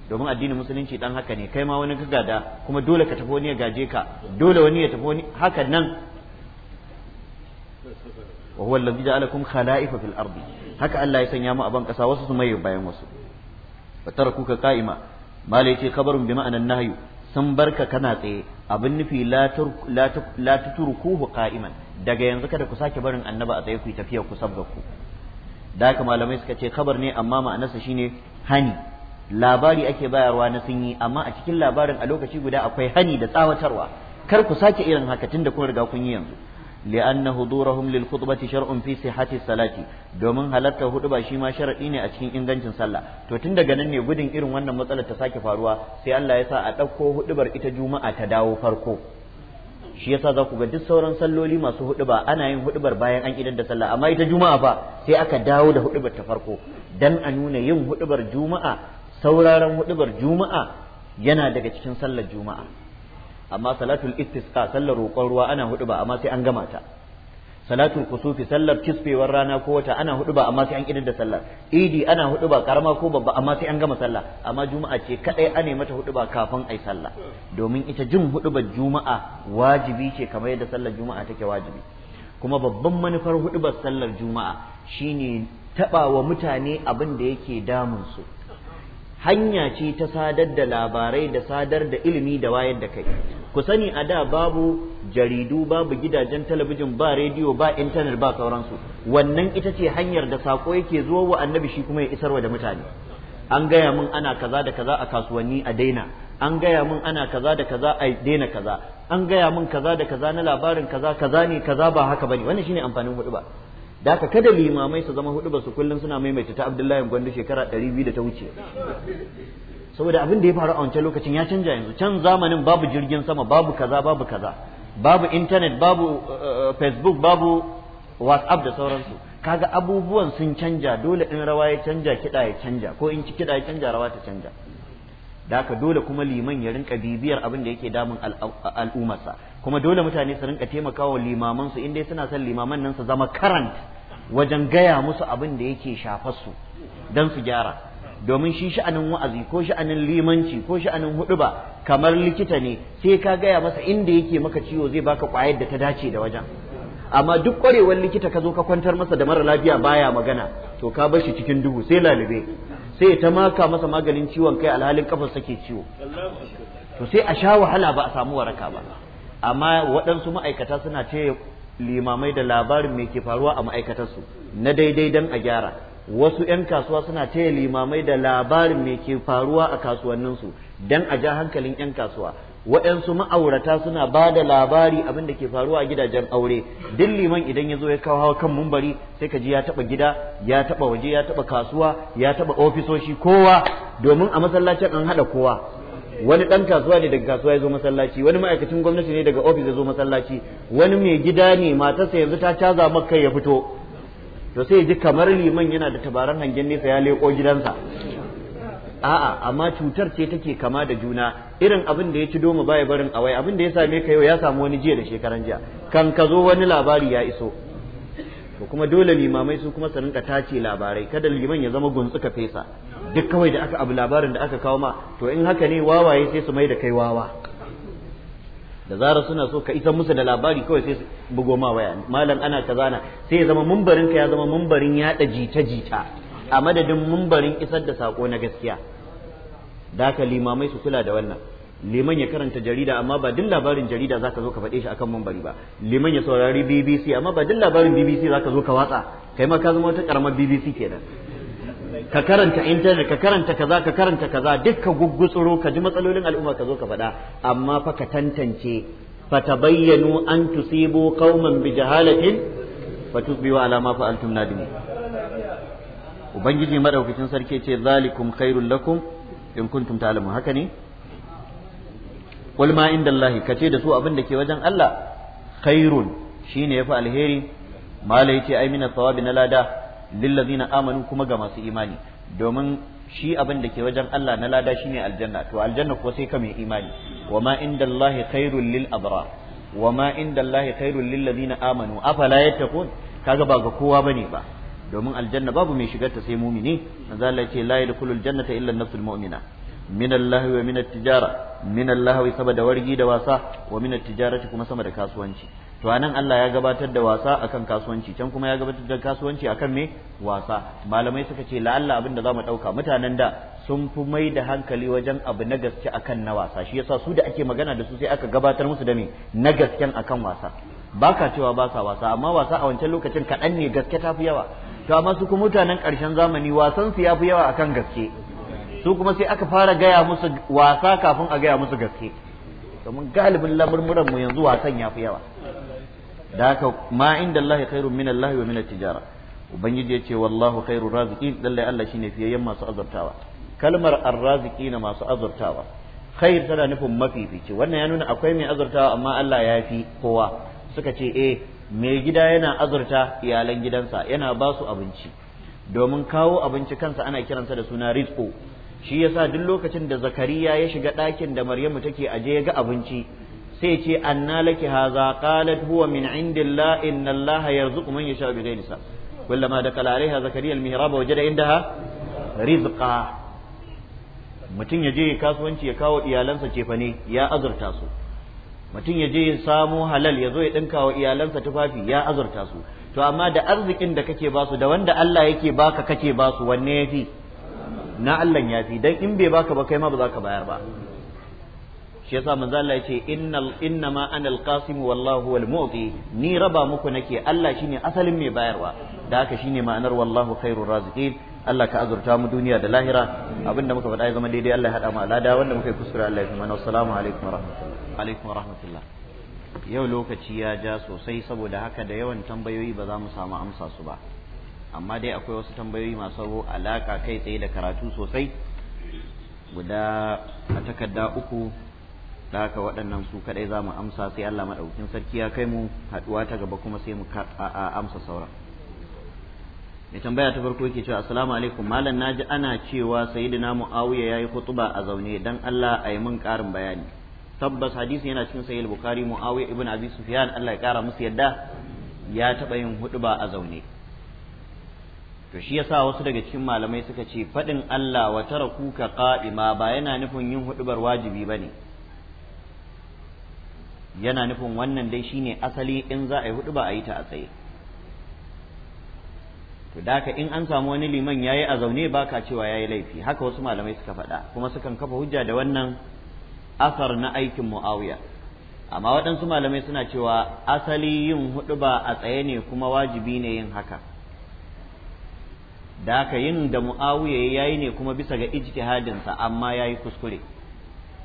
domin addinin musulunci dan haka ne kai ma wani ka gada kuma dole ka tafi wani ya gaje ka dole wani ya tafi wani hakan nan wa huwa ja'alakum khala'ifa fil ardi haka Allah ya sanya mu a ban kasa wasu su mai bayan wasu fa tarakuka qa'ima mala yace khabarun bi ma'anan nahyu sun barka kana tsaye abin nufi la tuturkuhu qa'iman daga yanzu kada ku sake barin annaba a tsaye ku tafiya ku sabga ku da haka malamai suka ce khabar ne amma ma'anarsa shine hani labari ake bayarwa na sun yi amma a cikin labarin a lokaci guda akwai hani da tsawatarwa kar ku sake irin haka tunda kun riga kun yi yanzu لأن حضورهم للخطبة شرع في صحة domin halartar huduba shi ma sharadi ne a cikin ingancin sallah to tun daga nan ne gudun irin wannan matsalar ta sake faruwa sai Allah ya sa a ɗauko hudubar ita juma'a ta dawo farko shi yasa za ku ga duk sauran salloli masu huduba ana yin hudubar bayan an idar da sallah amma ita juma'a fa sai aka dawo da hudubar ta farko dan a nuna yin hudubar juma'a sauraron hudubar juma'a yana daga cikin sallar juma'a amma salatul istisqa sallar roƙon ruwa ana huduba amma sai an gama ta salatul kusufi sallar kisfewar rana ko wata ana huduba amma sai an idar da sallar idi ana huduba karama ko babba amma sai an gama sallah amma juma'a ce kadai ana mata huduba kafin ai sallah domin ita jin hudubar juma'a wajibi ce kamar yadda sallar juma'a take wajibi kuma babban manufar hudubar sallar juma'a shine taɓa wa mutane abin da yake damunsu hanya ce ta sadar da labarai da sadar da ilimi da wayar da kai ku sani a da babu jaridu babu gidajen talabijin ba rediyo ba intanet ba sauransu wannan ita ce hanyar da sako yake zuwa wa annabi shi kuma ya isarwa da mutane an gaya min ana kaza da kaza a kasuwanni a daina an gaya min ana kaza da kaza a daina kaza an gaya min kaza da kaza na labarin kaza kaza ne kaza ba haka bane wannan shine amfanin hudu ba da ka kada limamai su zama hudu ba su kullum suna maimaita ta abdullahi gwandu shekara ɗari biyu da ta wuce saboda abin da ya faru a wancan lokacin ya canja yanzu can zamanin babu jirgin sama babu kaza babu kaza babu intanet babu eh, facebook babu whatsapp da sauransu kaga abubuwan sun canja dole in rawa ya canja kiɗa ya canja ko in ci kiɗa ya canja rawa ta canja da haka dole kuma liman ya rinka bibiyar abin da yake damun al'umarsa. kuma dole mutane su rinka taimakawa limaman su inda suna son limaman nan su zama karant wajen gaya musu abin da yake shafar su dan su gyara domin shi sha'anin wa'azi ko sha'anin limanci ko sha'anin huduba kamar likita ne sai ka gaya masa inda yake maka ciwo zai baka kwayar da ta dace da wajen amma duk kwarewar likita ka zo ka kwantar masa da mara lafiya baya magana to ka bar shi cikin duhu sai lalube sai ta maka masa maganin ciwon kai alhalin kafar sake ciwo to sai a sha wahala ba a samu waraka ba amma waɗansu ma'aikata suna ce limamai da labarin mai ke faruwa a ma'aikatarsu na daidai don a gyara wasu 'yan kasuwa suna taya limamai da labarin mai ke faruwa a kasuwanninsu don a ja hankalin 'yan kasuwa waɗansu ma'aurata suna ba da labari abin da ke faruwa a gidajen aure duk liman idan ya zo ya kawo kan mumbari sai ka ji ya taɓa gida ya taɓa waje ya taɓa kasuwa ya taɓa ofisoshi kowa domin a masallacin an haɗa kowa wani ɗan kasuwa ne daga kasuwa ya zo masallaci wani ma'aikacin gwamnati ne daga ofis ya zo masallaci wani mai gida ne matarsa yanzu ta caza maka ya fito to sai ji kamar liman yana da tabaran hangen nesa ya leƙo gidansa a'a amma cutar ce take kama da juna irin abin da ya ci doma baya barin awai abin da ya same ka yau ya samu wani jiya da shekaran jiya kan ka zo wani labari ya iso to kuma dole limamai su kuma su rinka tace labarai kada liman ya zama gunsuka fesa duk kawai da aka abu labarin da aka kawo ma to in haka ne wawaye sai su mai da kai wawa da zara suna so ka isa musu da labari kawai sai su bugo ma waya malam ana kazana sai ya zama mumbarin ka ya zama mumbarin yada jita jita a madadin mumbarin isar da sako na gaskiya da haka limamai su kula da wannan liman ya karanta jarida amma ba duk labarin jarida zaka zo ka faɗe shi akan mumbari ba liman ya saurari BBC amma ba duk labarin BBC zaka zo ka watsa kai ma ka zama wata karamar BBC kenan ka karanta intanet ka karanta kaza ka karanta kaza duk ka ka ji matsalolin al'umma ka zo ka faɗa amma fa ka tantance fa tabayyanu an tusibu qauman bi jahalatin fa tusbihu ala ma fa'altum nadimin ubangiji madaukakin sarki ce zalikum khairul lakum in kuntum ta'lamun haka ne qul ma indallahi kace da su abin da ke wajen Allah khairun shine yafi alheri malai ce ai mina thawabi na lada lillazina amanu kuma ga masu imani domin shi abin da ke wajen Allah na lada shine aljanna to aljanna ko sai ka mai imani wama indallahi khairul lil abrar wama indallahi khairul lil ladina amanu afala yattaqun kaga ba ga kowa bane ba domin aljanna babu mai shigar ta sai mumini manzo Allah ce la yadkhulul jannata illa an-nafsul mu'mina min Allah wa min at-tijara min Allah saboda wargi da wasa wa min at-tijarati kuma sama da kasuwanci to anan Allah ya gabatar da wasa akan kasuwanci can kuma ya gabatar da kasuwanci akan me wasa malamai suka ce laala abin da zamu dauka mutanen da sun fi mai da hankali wajen abu na gaske akan na wasa shi yasa su da ake magana da su sai aka gabatar musu da me na gasken akan wasa baka cewa ba sa wasa amma wasa a wancan lokacin kaɗan ne gaske ta fi yawa to amma su kuma mutanen ƙarshen zamani wasan su ya fi yawa akan gaske su kuma sai aka fara gaya musu wasa kafin a gaya musu gaske domin galibin lamurmuran mu yanzu wasan ya fi yawa da haka ma inda Allah khairun min Allah wa min tijara ubangiji ya ce wallahu khairur raziqin lalle Allah shine fiyayyen masu azurtawa kalmar arraziqina masu azurtawa khair tana nufin mafifici wannan ya nuna akwai mai azurtawa amma Allah ya fi kowa suka ce eh mai gida yana azurta iyalan gidansa yana ba su abinci domin kawo abinci kansa ana kiransa da suna rizqo shi yasa duk lokacin da zakariya ya shiga ɗakin da maryamu take aje ya ga abinci sai ce anna laki haza qalat huwa min indillah inna allaha yarzuqu man yasha bi ghairi hisab kullama dakala alaiha zakariya almihrab wajada indaha rizqa mutum yaje kasuwanci ya kawo iyalansa cefane ya azurta su mutum yaje ya samo halal ya zo ya dinka wa iyalansa tufafi ya azurta su to amma da arzikin da kake ba su da wanda Allah yake baka kake ba su wanne yafi na Allah yafi dan in bai baka ba kai ma ba za ka bayar ba shi yasa manzo Allah yace innal innama ana alqasim wallahu wal mu'ti ni raba muku nake Allah shine asalin mai bayarwa da haka shine ma'anar wallahu khairur raziqin Allah ka azurta mu duniya da lahira abinda muka faɗa ya zama daidai Allah ya haɗa mu alada wanda muka yi kuskure Allah ya fi mana assalamu alaikum alaikum yau lokaci ya ja sosai saboda haka da yawan tambayoyi ba za mu samu amsa su ba amma dai akwai wasu tambayoyi masu alaka kai tsaye da karatu sosai guda a takarda uku da haka waɗannan su kaɗai za mu amsa sai Allah maɗaukin sarki ya kai mu haɗuwa ta gaba kuma sai mu amsa sauran mai tambaya ta farko yake cewa assalamu alaikum malam ji ana cewa sayyidina muawiya ya yi huɗuba a zaune dan Allah a yi min ƙarin bayani tabbas hadisi yana cikin sahih bukhari muawiya ibn abi sufyan Allah ya ƙara musu yadda ya taɓa yin huɗuba a zaune to shi yasa wasu daga cikin malamai suka ce faɗin Allah wa tara kuka ƙa'ima ba yana nufin yin huɗubar wajibi bane yana nufin wannan dai shine asali in za a yi hudu ba a yi ta a tsaye to da ka in an samu wani liman yayi a zaune baka ka cewa yayi laifi haka wasu malamai suka faɗa kuma sukan kafa hujja da wannan asar na aikin muawiya amma waɗansu malamai suna cewa asali yin hudu ba a tsaye ne kuma wajibi ne yin haka da ka yin da muawiya yayi ne kuma bisa ga ijtihadinsa amma yayi kuskure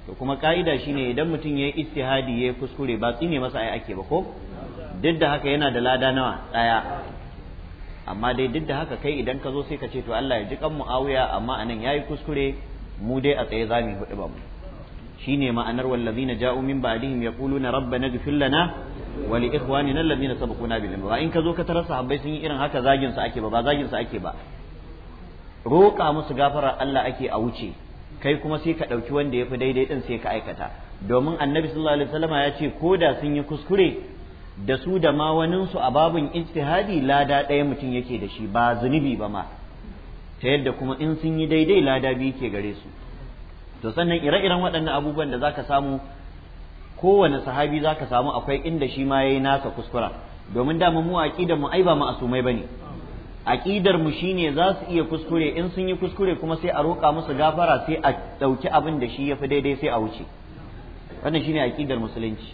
to kuma ka'ida shine idan mutum ya yi istihadi ya yi kuskure ba tsine masa ai ake ba ko duk da haka yana da lada nawa daya amma dai duk da haka kai idan ka zo sai ka ce to Allah ya ji kan Muawiya amma anan yayi kuskure mu dai a tsaye zamu hudu ba mu shine ma'anar wallazina ja'u min ba'dihim yaquluna rabbana ighfir lana wa li ikhwanina alladhina sabaquna bil iman in ka zo ka tarasa Habbai sun yi irin haka zagin su ake ba ba zagin su ake ba roƙa musu gafarar Allah ake a wuce kai kuma sai ka ɗauki wanda ya fi daidai ɗin sai ka aikata domin annabi sallallahu alaihi wasallama ya ce ko da sun yi kuskure da su da ma waninsu a babin ijtihadi lada ɗaya mutum yake da shi ba zunubi ba ma ta yadda kuma in sun yi daidai lada biyu ke gare su to sannan ire-iren waɗannan abubuwan da zaka samu kowane sahabi zaka samu akwai inda shi ma yayi nasa kuskura domin da mu aqidar mu ai ba asumai bane aqidar mu shine za su iya kuskure in sun yi kuskure kuma sai a roƙa musu gafara sai a ɗauki abin da shi yafi daidai sai a wuce wannan shine aqidar musulunci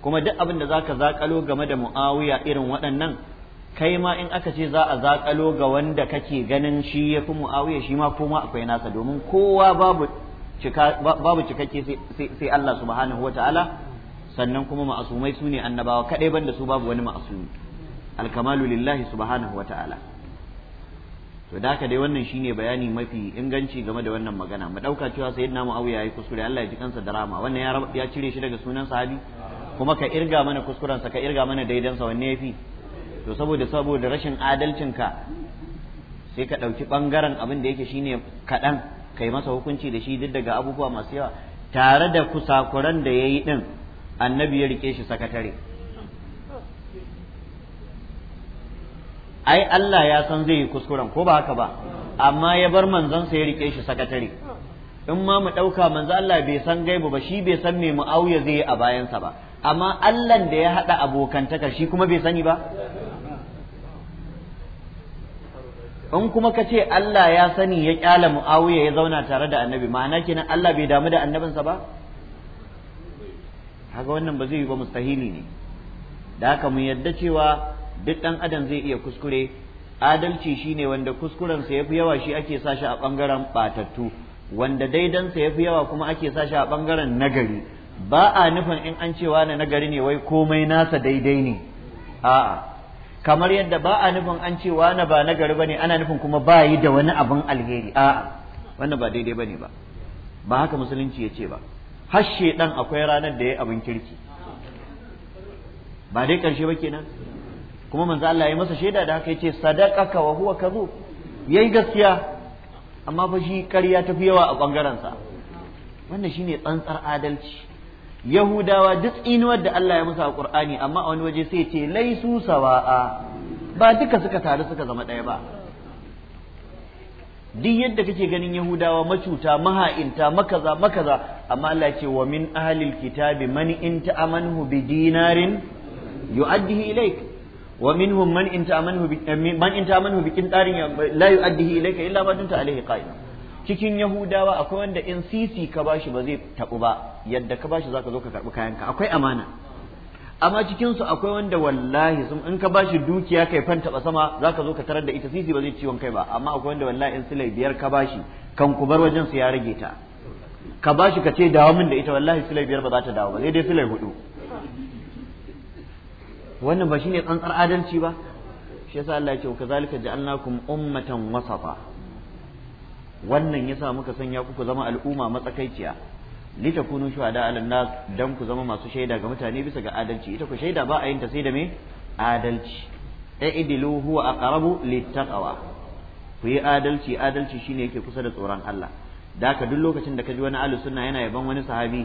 kuma duk abin da za ka zakalo game da muawiya irin waɗannan kai ma in aka ce za a zakalo ga wanda kake ganin shi yafi muawiya shi ma koma akwai nasa domin kowa babu cika babu cikakke sai Allah subhanahu wataala sannan kuma ma'asumai su ne annabawa kaɗai banda su babu wani ma'asumi alkamalu lillahi subhanahu wa ta'ala to da haka dai wannan shine bayani mafi inganci game da wannan magana mu dauka cewa sayyidina muawiya yayi kuskure Allah ya ji kansa da rama wannan ya cire shi daga sunan sahabi kuma ka irga mana kuskuren sa ka irga mana daidan sa wanne yafi to saboda saboda rashin adalcin ka sai ka dauki bangaren abin da yake shine kadan kai masa hukunci da shi duk daga abubuwa masu yawa tare da kusakuran da yayi din annabi ya rike shi sakatare ai Allah ya san zai yi kuskuren ko ba haka ba amma ya bar manzon sa ya rike shi sakatare in ma mu ɗauka manzo Allah bai san gaibu ba shi bai san me mu'awiya zai yi a bayansa ba amma Allah da ya haɗa abokantaka shi kuma bai sani ba in kuma ka ce Allah ya sani ya kyala Muawiya ya zauna tare da annabi ma'ana kenan Allah bai damu da annabinsa ba haka wannan ba zai yi ba mustahili ne da haka mu yarda cewa duk ɗan adam zai iya kuskure adalci shine wanda kuskurensa ya fi yawa shi ake sashi a ɓangaren ɓatattu wanda daidansa ya fi yawa kuma ake sashi a ɓangaren nagari ba a nufin in an cewa na nagari ne wai komai nasa daidai ne a'a kamar yadda ba a nufin an cewa na ba nagari ba bane ana nufin kuma ba yi da wani abin alheri a'a wannan ba daidai bane ba ba haka musulunci ya ce ba har shedan akwai ranar da ya abin kirki ba dai karshe ba kenan kuma manzo Allah ya masa shaida da haka yace sadaqaka wa huwa kadhub yayi gaskiya amma fa shi ƙarya tafi yawa a bangaren sa wannan shine tsantsar adalci yahudawa duk inuwar da Allah ya musa a qur'ani amma a wani waje sai ce laisu sawa'a ba duka suka taru suka zama ɗaya ba duk yadda kake ganin yahudawa macuta maha'inta makaza makaza amma Allah ce wa min ahlil kitabi man in ta'amanhu bi dinarin yu'addihi ilayk ومنهم من إن تأمنه من إن تأمنه بقنطار لا يؤديه إليك إلا ما دمت عليه قائما cikin Yahudawa akwai wanda in sisi ka bashi ba zai tabu ba yadda ka bashi zaka zo ka karbi kayanka akwai amana amma cikin su akwai wanda wallahi sun in ka bashi dukiya kai fan ba sama zaka zo ka tarar da ita sisi ba zai ciwon kai ba amma akwai wanda wallahi in silai biyar ka bashi kan kubar wajen su ya rage ta ka bashi ka ce dawo min da ita wallahi silai biyar ba za ta dawo ba sai dai silai hudu wannan ba shi ne tsantsar adalci ba shi yasa Allah ya ce kazalika ja'alnakum ummatan wasata wannan yasa muka sanya ku ku zama al'umma matsakaiciya litakunu shuhada 'ala nas dan ku zama masu shaida ga mutane bisa ga adalci ita ku shaida ba a yin ta sai da me adalci i'dilu huwa aqrabu littaqwa ku yi adalci adalci shine yake kusa da tsoron Allah da ka duk lokacin da ka ji wani alusunna yana yaban wani sahabi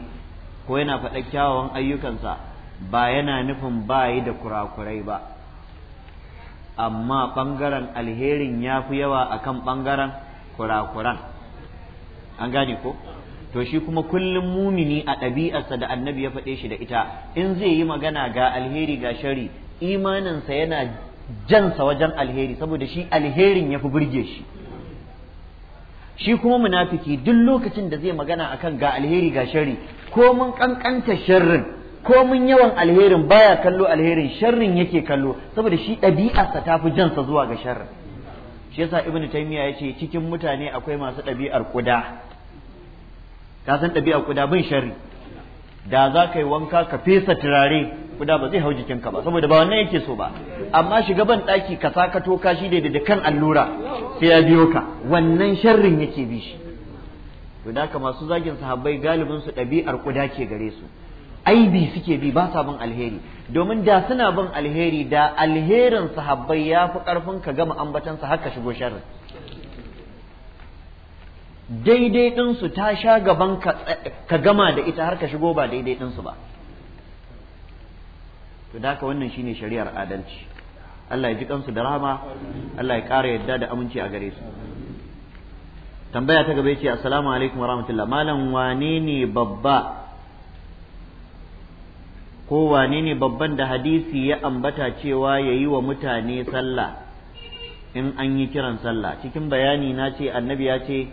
ko yana faɗa kyawawan ayyukansa ba yana nufin ba yi da kurakurai ba amma ɓangaren alherin ya fi yawa a kan ɓangaren kurakuran an gane ko to shi kuma kullum mumini a ɗabi'arsa da annabi ya faɗe shi da ita in zai yi magana ga alheri ga shari imaninsa yana jansa wajen alheri saboda shi alherin ya fi burge shi shi kuma munafiki duk lokacin da zai magana akan ga alheri ga shari ko mun kankanta sharrin ko mun yawan alherin baya kallo alherin sharrin yake kallo saboda shi ɗabi'arsa ta fi jansa zuwa ga sharrin shi yasa ibnu taymiya yace cikin mutane akwai masu ɗabi'ar kuda ka san ɗabi'ar kuda bin sharri da za ka yi wanka ka fesa turare kuda ba zai hau jikinka ba saboda ba wannan yake so ba amma shiga ban ɗaki ka sakato kashi daidai da kan allura sai ya biyo ka wannan sharrin yake bi shi to da masu zagin sahabbai galibin su ɗabi'ar kuda ke gare su aibi suke bi ba sa bin alheri domin da suna bin alheri da alherin sahabbai ya fi karfin ka gama ambatansa haka shigo sharri daidai ɗinsu ta sha gaban ka gama da ita har ka shigo ba daidai ɗinsu ba to da haka wannan shine shari'ar adalci Allah ya ji kansu da rahama Allah ya ƙara yadda da aminci a gare su tambaya ta gaba ce assalamu alaikum wa rahmatullah malam wane ne babba ko wane ne babban da hadisi ya ambata cewa ya yi wa mutane sallah in an yi kiran sallah cikin bayani na ce annabi ya ce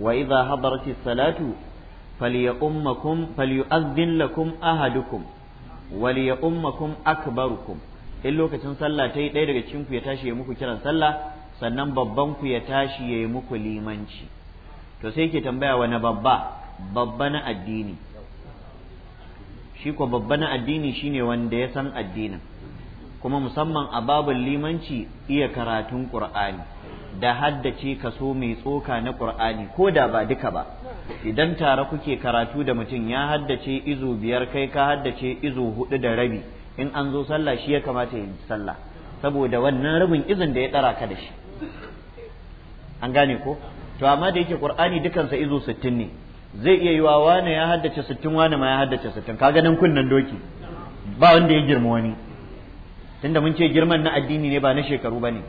wa idza hadarati salatu falyu'ammakum falyu'adhdhin lakum ahadukum waliyu'ammakum akbarukum in lokacin sallah ta yi ɗaya daga cikin ku ya tashi ya muku kiran sallah sannan babban ku ya tashi ya yi muku limanci to sai ke tambaya wani babba babba na addini shi ko babban addini shine wanda ya san addinin kuma musamman a babin limanci iya karatun qur'ani da haddace kaso mai tsoka na qur'ani ko da ba duka ba idan tare kuke karatu da mutum ya haddace izo biyar kai ka haddace izo hudu da rabi in an zo sallah shi ya kamata ya sallah saboda wannan rabin izin da ya tsara ka da shi an gane ko to amma da yake qur'ani dukansa izo sittin ne zai iya yiwa wane ya haddace sittin wane ma ya haddace sittin ka ganin kunnen doki ba wanda ya girma wani tunda mun ce girman na addini ne ba na shekaru bane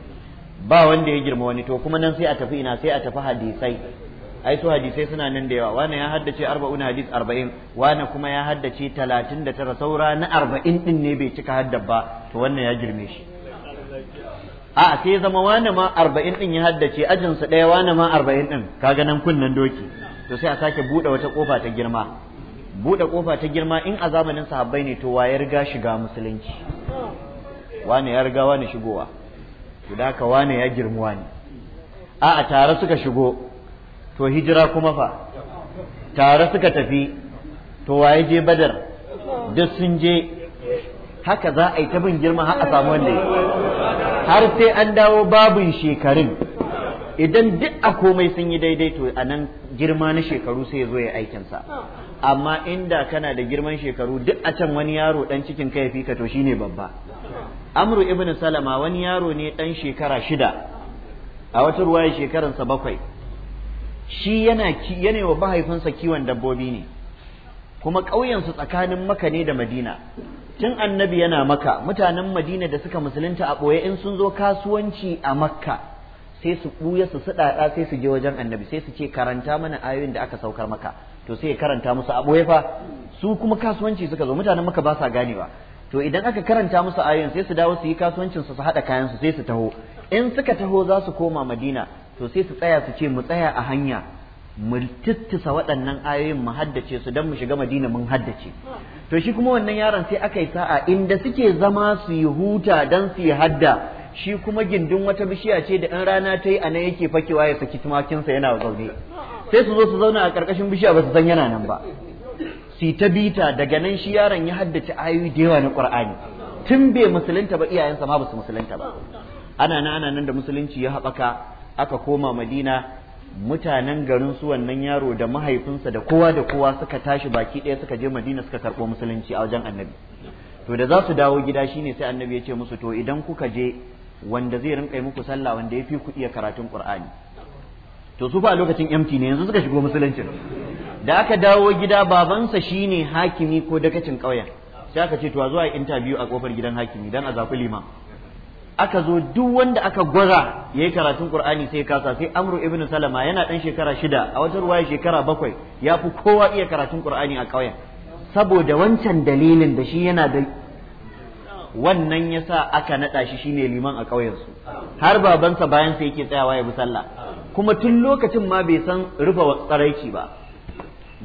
ba wanda ya girma wani to kuma nan sai a tafi ina sai a tafi hadisai ai su hadisai suna nan da yawa wane ya haddace arba'un hadis arba'in wane kuma ya haddace talatin da tara saura na arba'in din ne bai cika haddar ba to wannan ya girme shi a sai zama wane ma arba'in din ya haddace ajinsa ɗaya wane ma arba'in din ka ganin kunnen doki to sai a sake buɗe wata ƙofa ta girma buɗe ƙofa ta girma in a zamanin sahabbai ne to ya riga shiga musulunci wane ya riga wane shigowa to da haka wane ya girmi wane a a tare suka shigo to hijira kuma fa tare suka tafi to waye je badar duk sun je haka za a yi ta bin girma har a samu wanda har sai an dawo babin shekarun idan duk a komai sun yi daidai to a nan girma na shekaru sai ya zo ya aikinsa amma inda kana da girman shekaru duk a can wani yaro dan cikin kai fika to shine babba amru ibn salama wani yaro ne dan shekara shida a wata ruwaya shekaransa bakwai shi yana yana wa mahaifinsa kiwon dabbobi ne kuma ƙauyensu tsakanin maka ne da madina tun annabi yana maka mutanen madina da suka musulunta a ɓoye in sun zo kasuwanci a makka sai su buya su suɗaɗa sai su je wajen annabi sai su ce karanta mana ayoyin da aka saukar maka to sai ya karanta musu a ya fa su kuma kasuwanci suka zo mutanen maka ba sa ganewa to idan aka karanta musu ayoyin sai su dawo su yi kasuwancin su su haɗa kayan su sai su taho in suka taho za su koma madina to sai su tsaya su ce mu tsaya a hanya mu tittisa waɗannan ayoyin mu haddace su dan mu shiga madina mun haddace to shi kuma wannan yaron sai aka yi sa'a inda suke zama su yi huta dan su yi hadda shi kuma gindin wata bishiya ce da ɗan rana ta yi a nan yake fakewa ya saki tumakinsa yana zaune sai su zo su zauna a ƙarƙashin bishiya ba su san yana nan ba su ta bita daga nan shi yaron ya haddace ayoyi da yawa na ƙur'ani tun bai musulunta ba iyayensa ma ba su musulunta ba ana nan ana nan da musulunci ya haɓaka aka koma madina mutanen garin su wannan yaro da mahaifinsa da kowa da kowa suka tashi baki ɗaya suka je madina suka karɓo musulunci a wajen annabi to da za su dawo gida shine sai annabi ya ce musu to idan kuka je wanda zai rinka muku sallah wanda ya fi ku iya karatun qur'ani to su ba lokacin empty ne yanzu suka shigo musuluncin da aka dawo gida babansa shine hakimi ko dakacin ƙauyen sai aka ce to a zo a interview a kofar gidan hakimi dan a zafi liman aka zo duk wanda aka gwaza yayi karatun Qur'ani sai kasa sai Amru ibn Salama yana dan shekara shida a wajen ruwaya shekara bakwai ya fi kowa iya karatun Qur'ani a ƙauyen saboda wancan dalilin da shi yana da wannan yasa aka naɗa shi shine liman a ƙauyensu har babansa bayan sa yake tsayawa ya bi sallah kuma tun lokacin ma bai san rufe tsaraici ba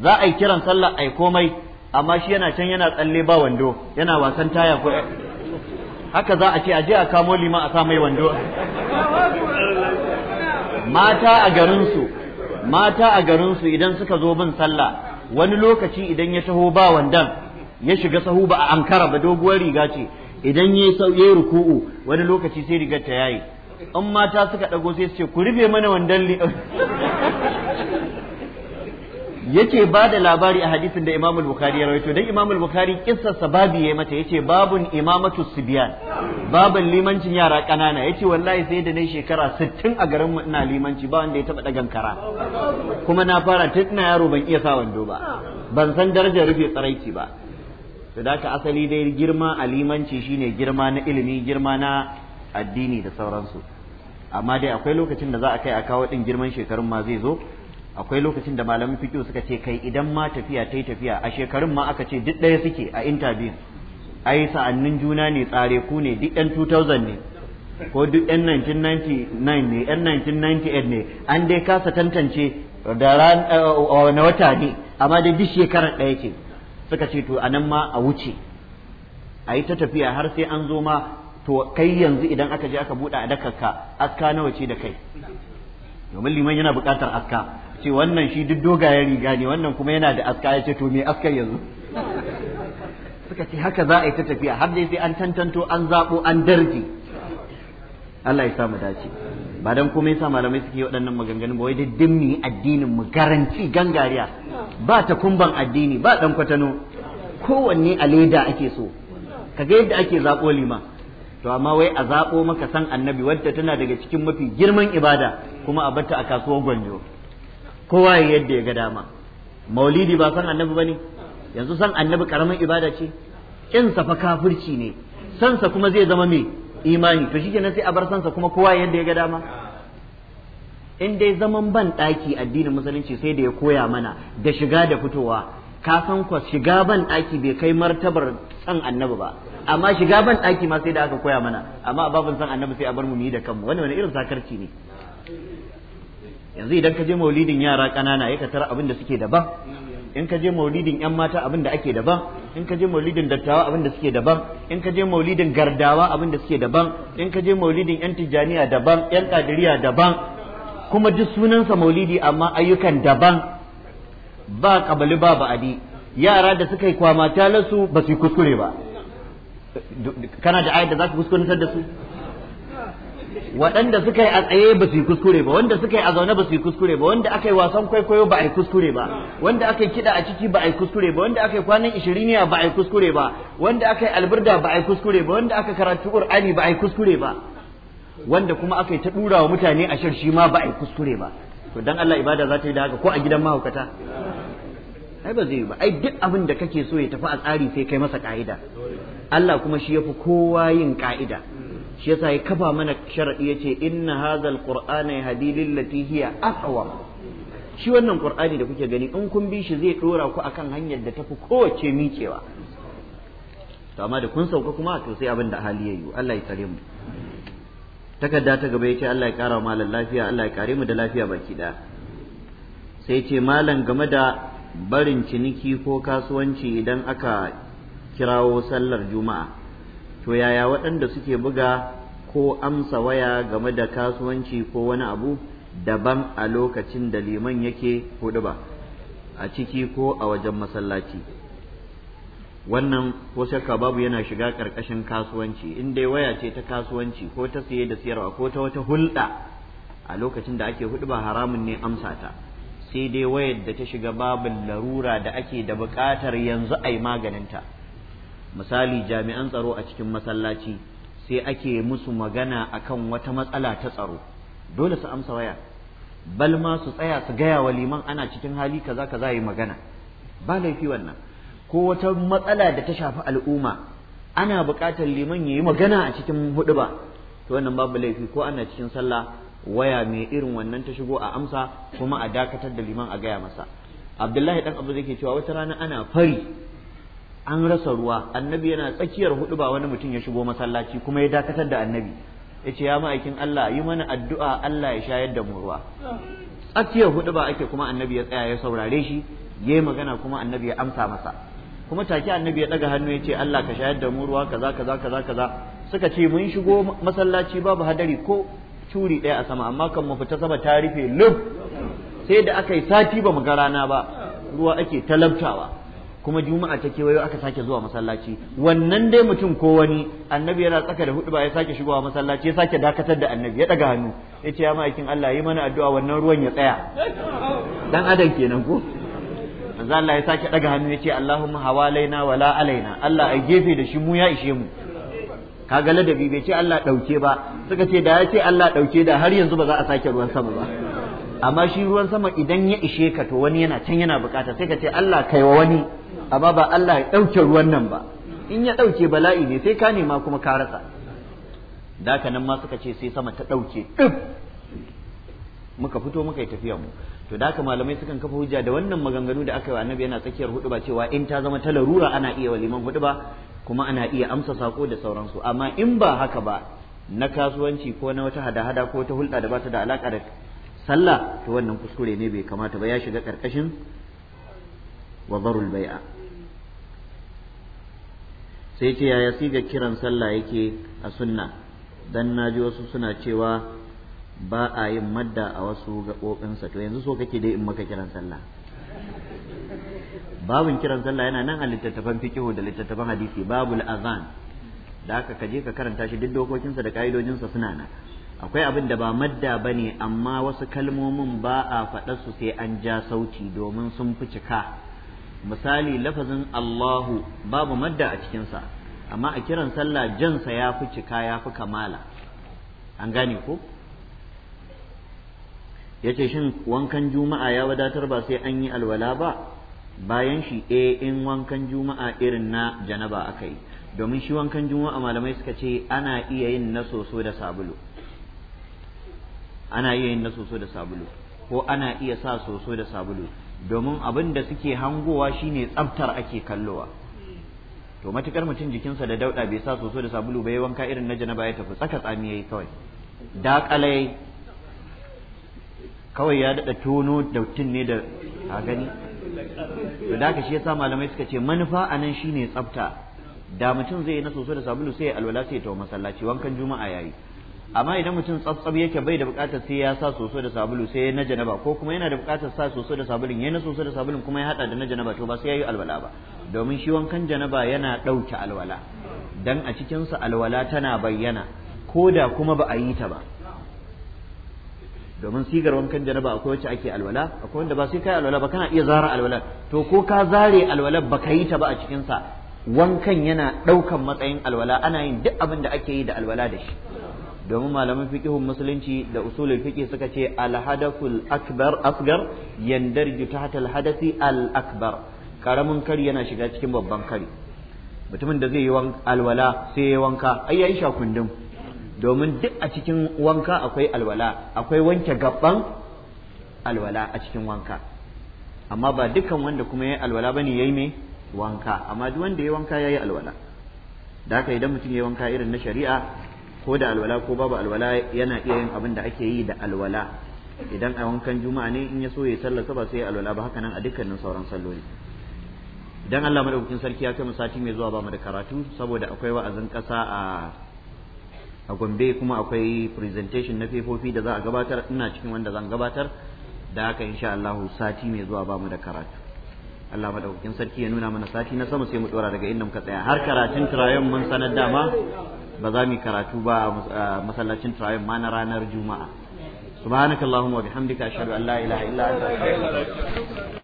za a yi kiran sallah a komai amma shi yana can yana tsalle ba wando yana wasan taya ko haka za a ce a je a kamo liman a sa mai wando mata a garinsu mata a su idan suka zo bin sallah wani lokaci idan ya taho ba wandan ya shiga sahu ba a ankara ba doguwar riga ce idan ya sauye ruku'u wani lokaci sai rigar ta yayi in mata suka dago sai su ce ku rufe mana wandan li yake ba da labari a hadisin da Imam Bukhari ya rawaito dan Imam Bukhari kissar sababi yayi mata yace babun imamatu sibiyan babun limancin yara kanana yace wallahi sai da nayi shekara sittin a garin mu ina limanci ba wanda ya taba dagan kara kuma na fara tun ina yaro ban iya sa wando ba ban san darajar rufe tsaraici ba to da asali dai girma a limanci shine girma na ilimi girma na addini da sauransu amma dai akwai lokacin da za a kai a kawo din girman shekarun ma zai zo akwai lokacin da malamin fito suka ce kai idan ma tafiya ta yi tafiya a shekarun ma aka ce duk ɗaya suke a interview ai sa'annin juna ne tsare ku ne duk ɗan 2000 ne ko duk ɗan 1999 ne ɗan 1998 ne an dai kasa tantance da ran eh, oh, oh, wata ne amma dai duk shekarar ɗaya ce suka ce to anan ma a wuce a yi ta tafiya har sai an zo ma to kai yanzu idan aka je aka buɗe a dakarka aska nawa ce da kai domin liman yana buƙatar aska ce wannan shi duk dogayen riga ne wannan kuma yana da aska ya ce to me askar yanzu suka ce haka za a yi ta tafiya har dai sai an tantanto an zaɓo an darje Allah ya samu dace. ba dan komai sa malamai suke waɗannan maganganun ba wai dai dimmi addinin mu garanti gangariya ba ta kumban addini ba ɗan kwatano kowanne a leda ake so kaga yadda ake zaɓo lima to amma wai a zaɓo maka san annabi wadda tana daga cikin mafi girman ibada kuma a batta a kasuwar gwanjo kowa ya yadda ya ga dama maulidi ba san annabi bane yanzu san annabi karamin ibada ce kinsa fa kafirci ne sansa kuma zai zama me imani to shikenan sai a bar sansa kuma kowa yadda ya ga dama ah. in dai zaman ban ɗaki addinin musulunci sai da ya koya mana da shiga da fitowa ka san kwa shiga ban ɗaki bai kai martabar san annabi ba amma shiga ban ɗaki ma sai da aka koya mana amma a babin san annabi sai a bar mu yi da kanmu wani wani irin sakarci ne yanzu idan ka je maulidin yara kanana ya ka abin da suke daban in ka je maulidin yan mata abin da ake daban in ka je maulidin dattawa abin da suke daban in ka je maulidin gardawa abin da suke daban in ka je maulidin yan tijaniya daban yan kadiriya daban kuma duk sunansa maulidi amma ayyukan daban ba kabali ba adi yara da suka yi kwamata lasu ba su yi kuskure ba kana da ayat da za ku kuskurantar da su waɗanda suka yi a tsaye ba su yi kuskure ba wanda suka yi a zaune ba su yi kuskure ba wanda aka yi wasan kwaikwayo ba a yi kuskure ba wanda aka yi kiɗa a ciki ba a yi kuskure ba wanda aka yi kwanan ishiriniya ba a yi kuskure ba wanda aka yi albirda ba a yi kuskure ba wanda aka karatu ƙur'ani ba a yi kuskure ba wanda kuma aka yi ta ɗura wa mutane a shirshi ma ba a yi kuskure ba to dan Allah ibada za ta yi da haka ko a gidan mahaukata ai ba zai yi ba ai duk abin da kake so ya tafi a tsari sai kai masa ka'ida Allah kuma shi yafi kowa yin ka'ida shi yasa ya kafa mana sharadi yace inna hadhal qur'ana yahdi lati hiya aqwa shi wannan qur'ani da kuke gani in kun bi shi zai dora ku akan hanyar da tafi kowace miƙewa to amma da kun sauka kuma to sai abin da hali yayi Allah ya kare mu takarda ta gaba yace Allah ya kara mu malam lafiya Allah ya kare mu da lafiya baki ɗaya. sai ce malam game da barin ciniki ko kasuwanci idan aka kirawo sallar juma'a to yaya waɗanda suke buga ko amsa waya game da kasuwanci ko wani abu daban a lokacin da liman yake ko ba a ciki ko a wajen masallaci wannan ko shakka babu yana shiga ƙarƙashin kasuwanci in dai waya ce ta kasuwanci ko ta siye da siyarwa ko ta wata hulɗa a lokacin da ake hudu ba haramun ne amsa ta sai dai wayar da ta shiga babin larura da ake da buƙatar yanzu a yi maganinta misali jami'an tsaro a cikin masallaci sai ake musu magana akan wata matsala ta tsaro dole su amsa waya bal ma su tsaya su gaya wa liman ana cikin hali kaza kaza yi magana ba laifi wannan ko wata matsala da ta shafi al'umma ana buƙatar liman ya yi magana a cikin huduba ba to wannan babu laifi ko ana cikin sallah waya mai irin wannan ta shigo a amsa kuma a dakatar da liman a gaya masa abdullahi dan abu zai ke cewa wata rana ana fari an rasa ruwa annabi yana tsakiyar hudu ba wani mutum ya shigo masallaci kuma ya dakatar da annabi ya ce ya ma'aikin Allah yi mana addu'a Allah ya shayar da mu ruwa tsakiyar hudu ba ake kuma annabi ya tsaya ya saurare shi ya yi magana kuma annabi ya amsa masa kuma take annabi ya daga hannu ya ce Allah ka shayar da mu ruwa kaza kaza kaza kaza suka ce mun shigo masallaci babu hadari ko curi ɗaya a sama amma kan mu fita saba ta rufe lub sai da aka yi sati ba mu ga rana ba ruwa ake talabtawa kuma juma'a ta kewayo aka sake zuwa masallaci wannan dai mutum ko wani annabi yana tsaka da hudu ba ya sake shigowa masallaci ya sake dakatar da annabi ya daga hannu ya ce ya ma'aikin Allah yi mana addu'a wannan ruwan ya tsaya dan adam kenan ko manzo Allah ya sake daga hannu ya ce Allahumma hawalaina wala alaina Allah a gefe da shi mu ya ishe mu kaga ladabi bai ce Allah dauke ba suka ce da ya ce Allah dauke da har yanzu ba za a sake ruwan sama ba amma shi ruwan sama idan ya ishe ka to wani yana can yana bukata sai ka ce Allah kai wa wani amma ba Allah ya dauke ruwan nan ba in ya ɗauke bala'i ne sai ka nema kuma ka rasa daka nan ma suka ce sai sama ta ɗauke muka fito muka yi tafiya mu to daka malamai sukan kafa hujja da wannan maganganu da aka yi annabi yana tsakiyar hudu ba cewa in ta zama ta larura ana iya waliman hudu ba kuma ana iya amsa sako da sauransu amma in ba haka ba na kasuwanci ko na wata hada-hada ko wata hulɗa da ba ta da alaƙa da sallah to wannan kuskure ne bai kamata ba ya shiga karkashin wazarul bai'a sai ce yaya ga kiran sallah yake a sunna dan naji wasu suna cewa ba a yin madda a wasu gaɓoɓinsa to yanzu so kake dai in maka kiran sallah babin kiran sallah yana nan a littattafan fikihu da littattafan hadisi babul azan da aka kaje ka karanta shi duk dokokinsa da ka'idojinsa suna nan akwai abin da ba madda ba ne amma wasu kalmomin ba a faɗa su sai an ja sauti domin sun fi cika misali lafazin Allahu babu madda a cikinsa amma a kiran sallah jansa ya fi cika ya fi kamala an gane ko ya ce shin wankan juma'a ya wadatar ba sai an yi alwala ba bayan shi e in wankan juma'a irin na janaba aka yi domin shi wankan juma'a malamai suka ce ana iya yin na soso da sabulu ana iya yin na soso da sabulu ko ana iya sa soso da sabulu domin abin da suke hangowa shine tsaftar ake kallowa to matukar mutum jikinsa da dauda bai sa soso da sabulu bai wanka irin na janaba ya tafi tsaka tsami yayi kawai daƙalai kawai ya daɗa tono dautin ne da a gani to da haka shi yasa malamai suka ce manufa anan shine tsafta da mutum zai yi na soso da sabulu sai ya alwala sai ya tawo masallaci wankan juma'a yayi amma idan mutum tsatsab yake bai da buƙatar sai ya sa soso da sabulu sai ya na janaba ko kuma yana da buƙatar sa soso da sabulun ya na soso da sabulun kuma ya haɗa da na janaba to ba sai ya yi alwala ba domin shi wankan janaba yana ɗauke alwala dan a cikinsa alwala tana bayyana ko da kuma ba a yi ta ba domin sigar wankan janaba akwai wacce ake alwala akwai wanda ba sai kai alwala ba kana iya zara alwala to ko ka zare alwala ba ka yi ta ba a cikinsa wankan yana ɗaukan matsayin alwala ana yin duk abin da ake yi da alwala da shi domin malaman fiqihun musulunci da usulul fiqh suka ce al akbar asgar yandarju tahta al-hadathi al'akbar karamin kari yana shiga cikin babban kari mutumin da zai yi alwala sai ya wanka ai yayi shakundin domin duk a cikin wanka akwai alwala akwai wanke gaban alwala a cikin wanka amma ba dukkan wanda kuma ya yi alwala ba ne ya yi wanka amma duk wanda ya yi wanka ya yi alwala da haka idan mutum ya yi wanka irin na shari'a ko da alwala ko babu alwala yana iya yin abin da ake yi da alwala idan a wankan juma'a ne in ya so ya sallar ba sai alwala ba haka nan a dukkanin sauran salloli idan Allah madaukakin sarki ya kai mu sati mai zuwa ba mu da karatu saboda akwai wa'azin kasa a a Gombe kuma akwai presentation na fefofi da za a gabatar ina cikin wanda zan gabatar da haka insha Allah sati mai zuwa ba mu da karatu Allah madaukakin sarki ya nuna mana sati na sama sai mu dora daga inda muka tsaya har karatun turayen mun sanar dama ba za mu yi karatu ba a masallacin tarayyar ma na ranar juma'a subhanakallahumma wa bihamdika ashhadu an la ilaha illa anta